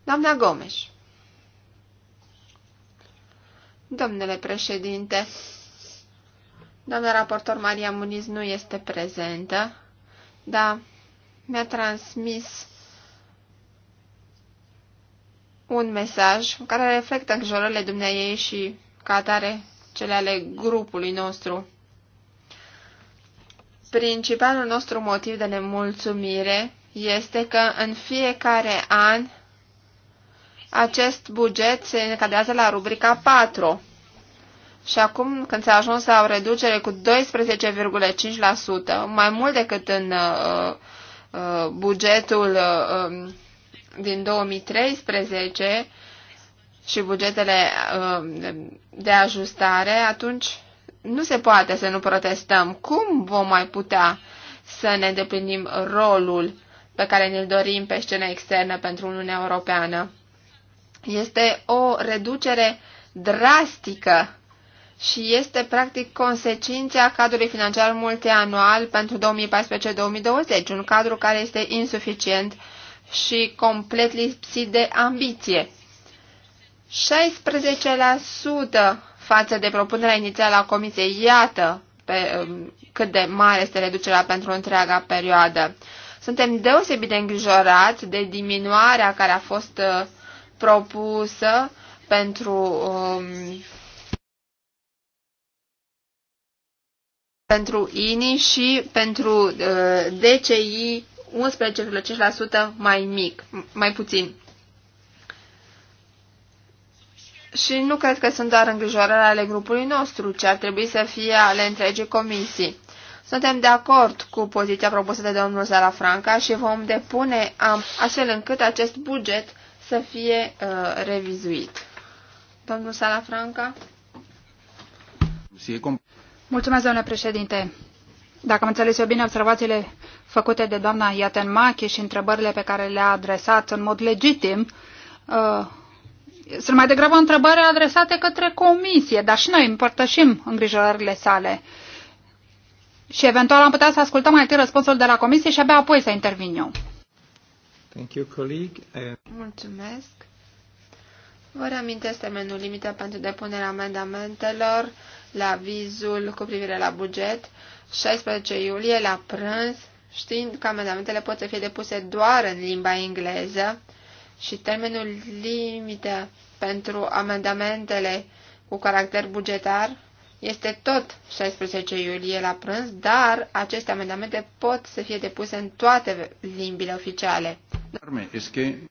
S2: Doamna Gomes. Domnule președinte, doamna raportor Maria Muniz nu este prezentă, dar mi-a transmis un mesaj care reflectă îngrijorările dumneiei și ca atare cele ale grupului nostru. Principalul nostru motiv de nemulțumire este că în fiecare an acest buget se încadrează la rubrica 4 și acum când s-a ajuns la o reducere cu 12,5%, mai mult decât în uh, uh, bugetul uh, um, din 2013 și bugetele uh, de ajustare, atunci nu se poate să nu protestăm. Cum vom mai putea să ne îndeplinim rolul pe care ne-l dorim pe scena externă pentru Uniunea Europeană? Este o reducere drastică și este practic consecința cadrului financiar multianual pentru 2014-2020, un cadru care este insuficient și complet lipsit de ambiție. 16% față de propunerea inițială a Comisiei. Iată pe, um, cât de mare este reducerea pentru întreaga perioadă. Suntem deosebit de îngrijorați de diminuarea care a fost uh, propusă pentru, um, pentru INI și pentru uh, DCI 11,5% mai mic, mai puțin. Și nu cred că sunt doar îngrijorări ale grupului nostru, ci ar trebui să fie ale întregii comisii. Suntem de acord cu poziția propusă de domnul Franca și vom depune astfel încât acest buget să fie uh, revizuit. Domnul Salafranca?
S4: Mulțumesc, domnule președinte. Dacă am înțeles eu bine observațiile făcute de doamna Iatenmachi și întrebările pe care le-a adresat în mod legitim, uh, sunt mai degrabă întrebări adresate către comisie, dar și noi împărtășim îngrijorările sale. Și eventual am putea să ascultăm mai întâi răspunsul de la comisie și abia apoi să intervin eu.
S1: Thank you, colleague. Mulțumesc.
S2: Vă reamintesc termenul limită pentru depunerea amendamentelor la vizul cu privire la buget, 16 iulie la prânz, știind că amendamentele pot să fie depuse doar în limba engleză și termenul limită pentru amendamentele cu caracter bugetar este tot 16 iulie la prânz, dar aceste amendamente pot
S4: să fie depuse în toate limbile oficiale.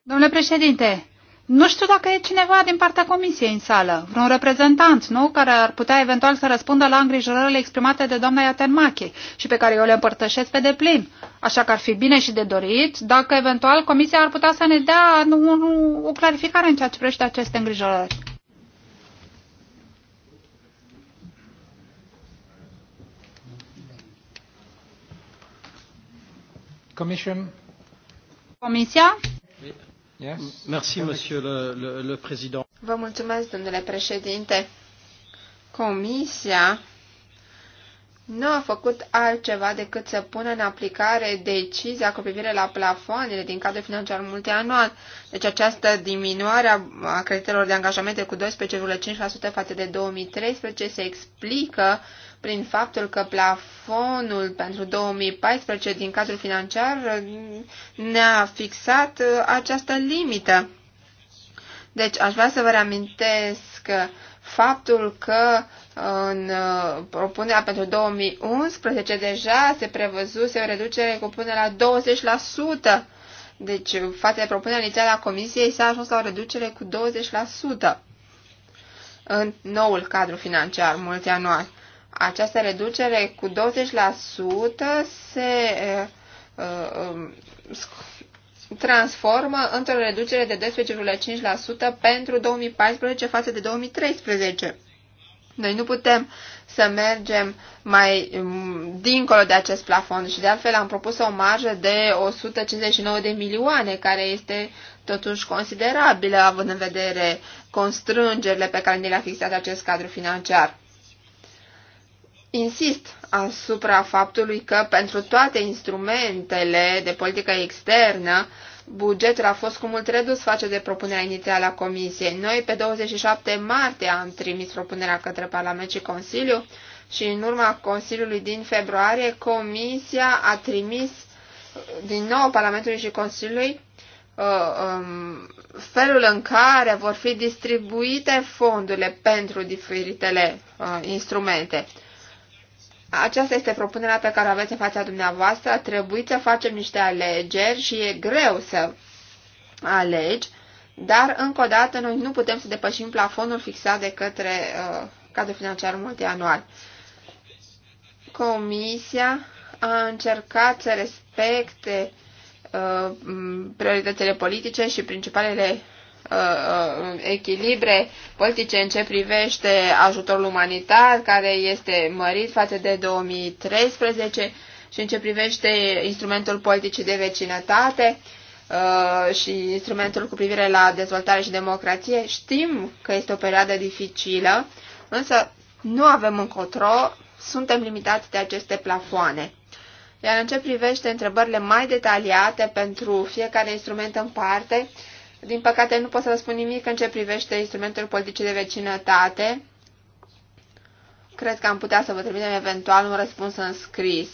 S4: Domnule președinte, nu știu dacă e cineva din partea comisiei în sală, vreun reprezentant, nu, care ar putea eventual să răspundă la îngrijorările exprimate de doamna Iatermache și pe care eu le împărtășesc pe deplin. Așa că ar fi bine și de dorit dacă eventual comisia ar putea să ne dea o clarificare în ceea ce privește aceste îngrijorări. Commission. Comisia?
S1: le,
S2: Vă mulțumesc, domnule președinte. Comisia nu a făcut altceva decât să pună în aplicare decizia cu privire la plafoanele din cadrul financiar multianual. Deci această diminuare a creditelor de angajamente cu 12,5% față de 2013 se explică prin faptul că plafonul pentru 2014 din cadrul financiar ne-a fixat uh, această limită. Deci aș vrea să vă reamintesc faptul că în uh, propunerea pentru 2011 deja se prevăzuse o reducere cu până la 20%. Deci, față de propunerea inițială a Comisiei, s-a ajuns la o reducere cu 20% în noul cadru financiar multianual. Această reducere cu 20% se um, transformă într-o reducere de 12,5% pentru 2014 față de 2013. Noi nu putem să mergem mai um, dincolo de acest plafon și de altfel am propus o marjă de 159 de milioane, care este totuși considerabilă, având în vedere constrângerile pe care ne le-a fixat acest cadru financiar. Insist asupra faptului că pentru toate instrumentele de politică externă, bugetul a fost cu mult redus față de propunerea inițială a Comisiei. Noi, pe 27 martie, am trimis propunerea către Parlament și Consiliu și în urma Consiliului din februarie, Comisia a trimis din nou Parlamentului și Consiliului uh, um, felul în care vor fi distribuite fondurile pentru diferitele uh, instrumente. Aceasta este propunerea pe care o aveți în fața dumneavoastră. A trebuit să facem niște alegeri și e greu să alegi, dar încă o dată noi nu putem să depășim plafonul fixat de către uh, cadrul financiar multianual. Comisia a încercat să respecte uh, prioritățile politice și principalele Uh, uh, echilibre politice în ce privește ajutorul umanitar, care este mărit față de 2013, și în ce privește instrumentul politic de vecinătate uh, și instrumentul cu privire la dezvoltare și democrație. Știm că este o perioadă dificilă, însă nu avem încotro, suntem limitați de aceste plafoane. Iar în ce privește întrebările mai detaliate pentru fiecare instrument în parte, din păcate nu pot să vă spun nimic în ce privește instrumentul politicii de vecinătate. Cred că am putea să vă trimitem eventual un răspuns în scris.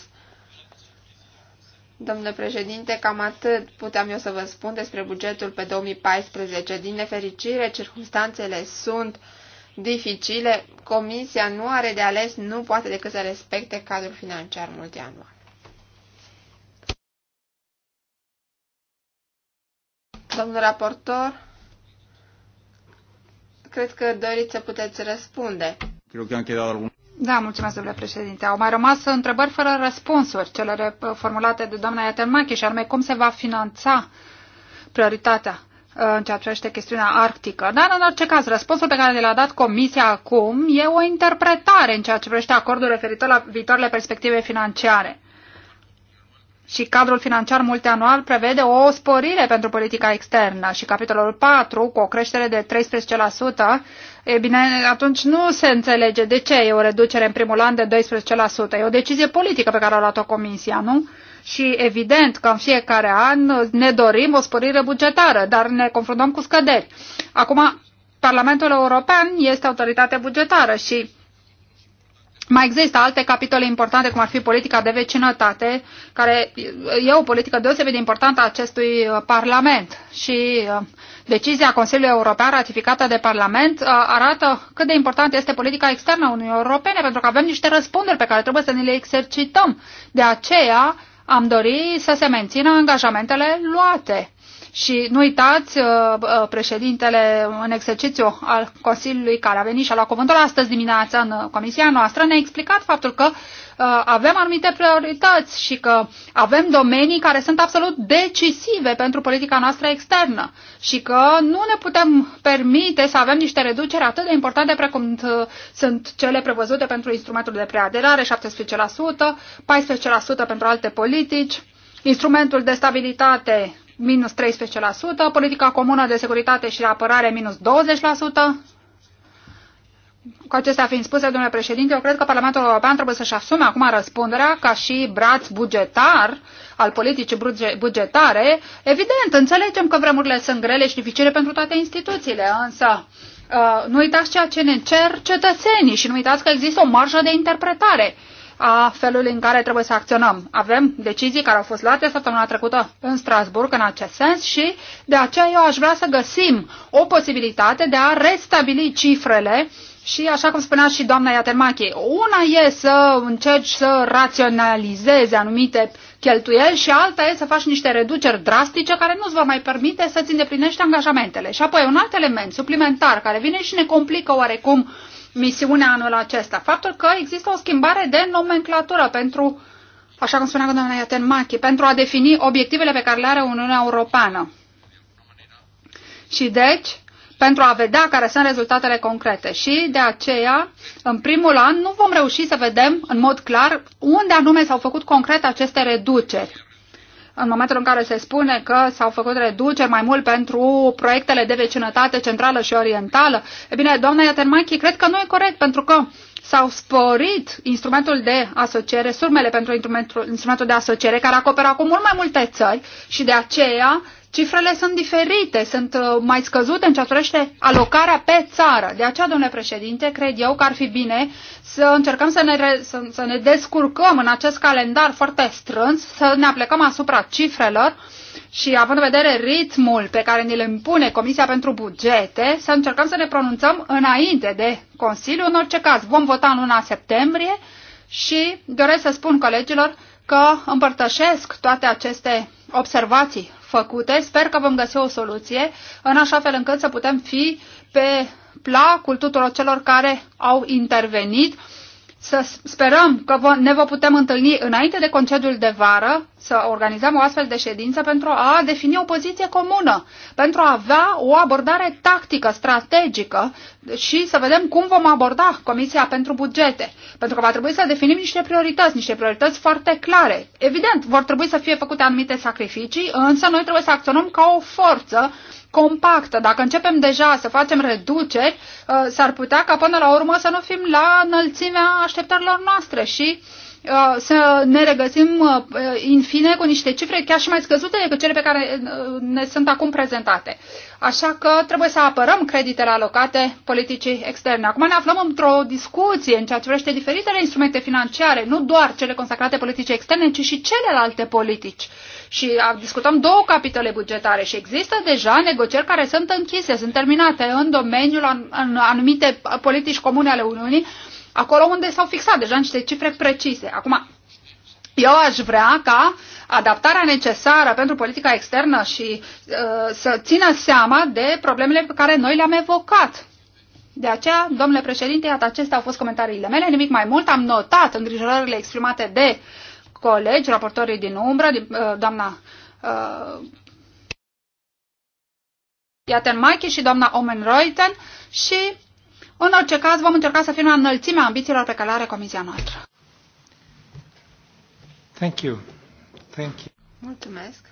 S2: Domnule președinte, cam atât puteam eu să vă spun despre bugetul pe 2014. Din nefericire, circunstanțele sunt dificile. Comisia nu are de ales, nu poate decât să respecte cadrul financiar multianual. Domnul raportor,
S4: cred că doriți să puteți răspunde. Da, mulțumesc, domnule președinte. Au mai rămas întrebări fără răspunsuri, cele formulate de doamna Iatermachi, și anume cum se va finanța prioritatea uh, în ceea ce privește chestiunea arctică. Dar, da, în orice caz, răspunsul pe care l-a dat Comisia acum e o interpretare în ceea ce privește acordul referitor la viitoarele perspective financiare și cadrul financiar multianual prevede o sporire pentru politica externă și capitolul 4, cu o creștere de 13%, e bine, atunci nu se înțelege de ce e o reducere în primul an de 12%. E o decizie politică pe care a luat-o Comisia, nu? Și evident că în fiecare an ne dorim o sporire bugetară, dar ne confruntăm cu scăderi. Acum, Parlamentul European este autoritate bugetară și mai există alte capitole importante, cum ar fi politica de vecinătate, care e o politică deosebit de importantă a acestui uh, Parlament și uh, decizia Consiliului European ratificată de Parlament uh, arată cât de importantă este politica externă a Uniunii Europene, pentru că avem niște răspunderi pe care trebuie să ne le exercităm. De aceea am dori să se mențină angajamentele luate și nu uitați, uh, uh, președintele în exercițiu al Consiliului care a venit și a luat cuvântul astăzi dimineața în uh, comisia noastră ne-a explicat faptul că avem anumite priorități și că avem domenii care sunt absolut decisive pentru politica noastră externă și că nu ne putem permite să avem niște reduceri atât de importante precum sunt cele prevăzute pentru instrumentul de preaderare, 17%, 14% pentru alte politici, instrumentul de stabilitate minus 13%, politica comună de securitate și apărare minus 20%. Cu acestea fiind spuse, domnule președinte, eu cred că Parlamentul European trebuie să-și asume acum răspunderea ca și braț bugetar al politicii bugetare. Evident, înțelegem că vremurile sunt grele și dificile pentru toate instituțiile, însă uh, nu uitați ceea ce ne cer cetățenii și nu uitați că există o marjă de interpretare a felului în care trebuie să acționăm. Avem decizii care au fost luate săptămâna trecută în Strasburg în acest sens și de aceea eu aș vrea să găsim o posibilitate de a restabili cifrele și așa cum spunea și doamna Iatermache, una e să încerci să raționalizezi anumite cheltuieli și alta e să faci niște reduceri drastice care nu-ți vor mai permite să-ți îndeplinești angajamentele. Și apoi un alt element suplimentar care vine și ne complică oarecum misiunea anul acesta. Faptul că există o schimbare de nomenclatură pentru, așa cum spunea doamna Iaten Machi, pentru a defini obiectivele pe care le are Uniunea Europeană. Și deci, pentru a vedea care sunt rezultatele concrete. Și de aceea, în primul an, nu vom reuși să vedem în mod clar unde anume s-au făcut concret aceste reduceri în momentul în care se spune că s-au făcut reduceri mai mult pentru proiectele de vecinătate centrală și orientală, e bine, doamna Iatermachi, cred că nu e corect, pentru că s-au sporit instrumentul de asociere, surmele pentru instrumentul, instrumentul de asociere, care acoperă acum mult mai multe țări și de aceea cifrele sunt diferite, sunt uh, mai scăzute în ce aturește alocarea pe țară. De aceea, domnule președinte, cred eu că ar fi bine să încercăm să ne, re, să, să ne descurcăm în acest calendar foarte strâns, să ne aplicăm asupra cifrelor și având în vedere ritmul pe care ni-l impune Comisia pentru Bugete, să încercăm să ne pronunțăm înainte de Consiliu. În orice caz, vom vota în luna septembrie și doresc să spun colegilor că împărtășesc toate aceste observații făcute. Sper că vom găsi o soluție în așa fel încât să putem fi pe placul tuturor celor care au intervenit să sperăm că ne vom putem întâlni înainte de concediul de vară, să organizăm o astfel de ședință pentru a defini o poziție comună, pentru a avea o abordare tactică, strategică și să vedem cum vom aborda Comisia pentru Bugete. Pentru că va trebui să definim niște priorități, niște priorități foarte clare. Evident, vor trebui să fie făcute anumite sacrificii, însă noi trebuie să acționăm ca o forță uh, compactă. Dacă începem deja să facem reduceri, uh, s-ar putea ca până la urmă să nu fim la înălțimea așteptărilor noastre și uh, Uh, să ne regăsim uh, uh, în fine cu niște cifre chiar și mai scăzute decât cele pe care ne sunt acum prezentate. Așa că trebuie să apărăm creditele alocate politicii externe. Acum ne aflăm într-o discuție în ceea ce vrește diferitele instrumente financiare, nu doar cele consacrate politicii externe, ci și celelalte politici. Și discutăm două capitole bugetare și există deja negocieri care sunt închise, sunt terminate în domeniul în anumite politici comune ale Uniunii, acolo unde s-au fixat deja niște cifre precise. Acum, eu aș vrea ca adaptarea necesară pentru politica externă și uh, să țină seama de problemele pe care noi le-am evocat. De aceea, domnule președinte, iată, acestea au fost comentariile mele, nimic mai mult. Am notat îngrijorările exprimate de colegi, raportorii din umbră, din, uh, doamna uh, Iaten Machi și doamna Omen Reuten și în orice caz, vom încerca să fim la înălțimea ambițiilor pe care le are Comisia noastră.
S1: Thank you. Thank you.
S4: Mulțumesc.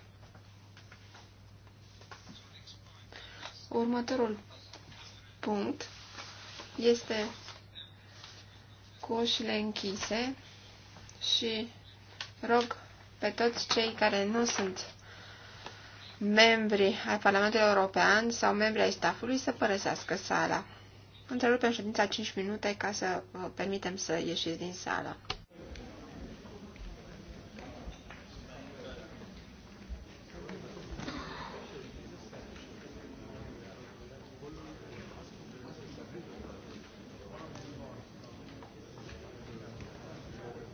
S2: Următorul punct este cu ușile închise și rog pe toți cei care nu sunt membri ai Parlamentului European sau membri ai staffului să părăsească sala. Întrerupem ședința 5 minute ca să vă permitem să ieșiți din sală.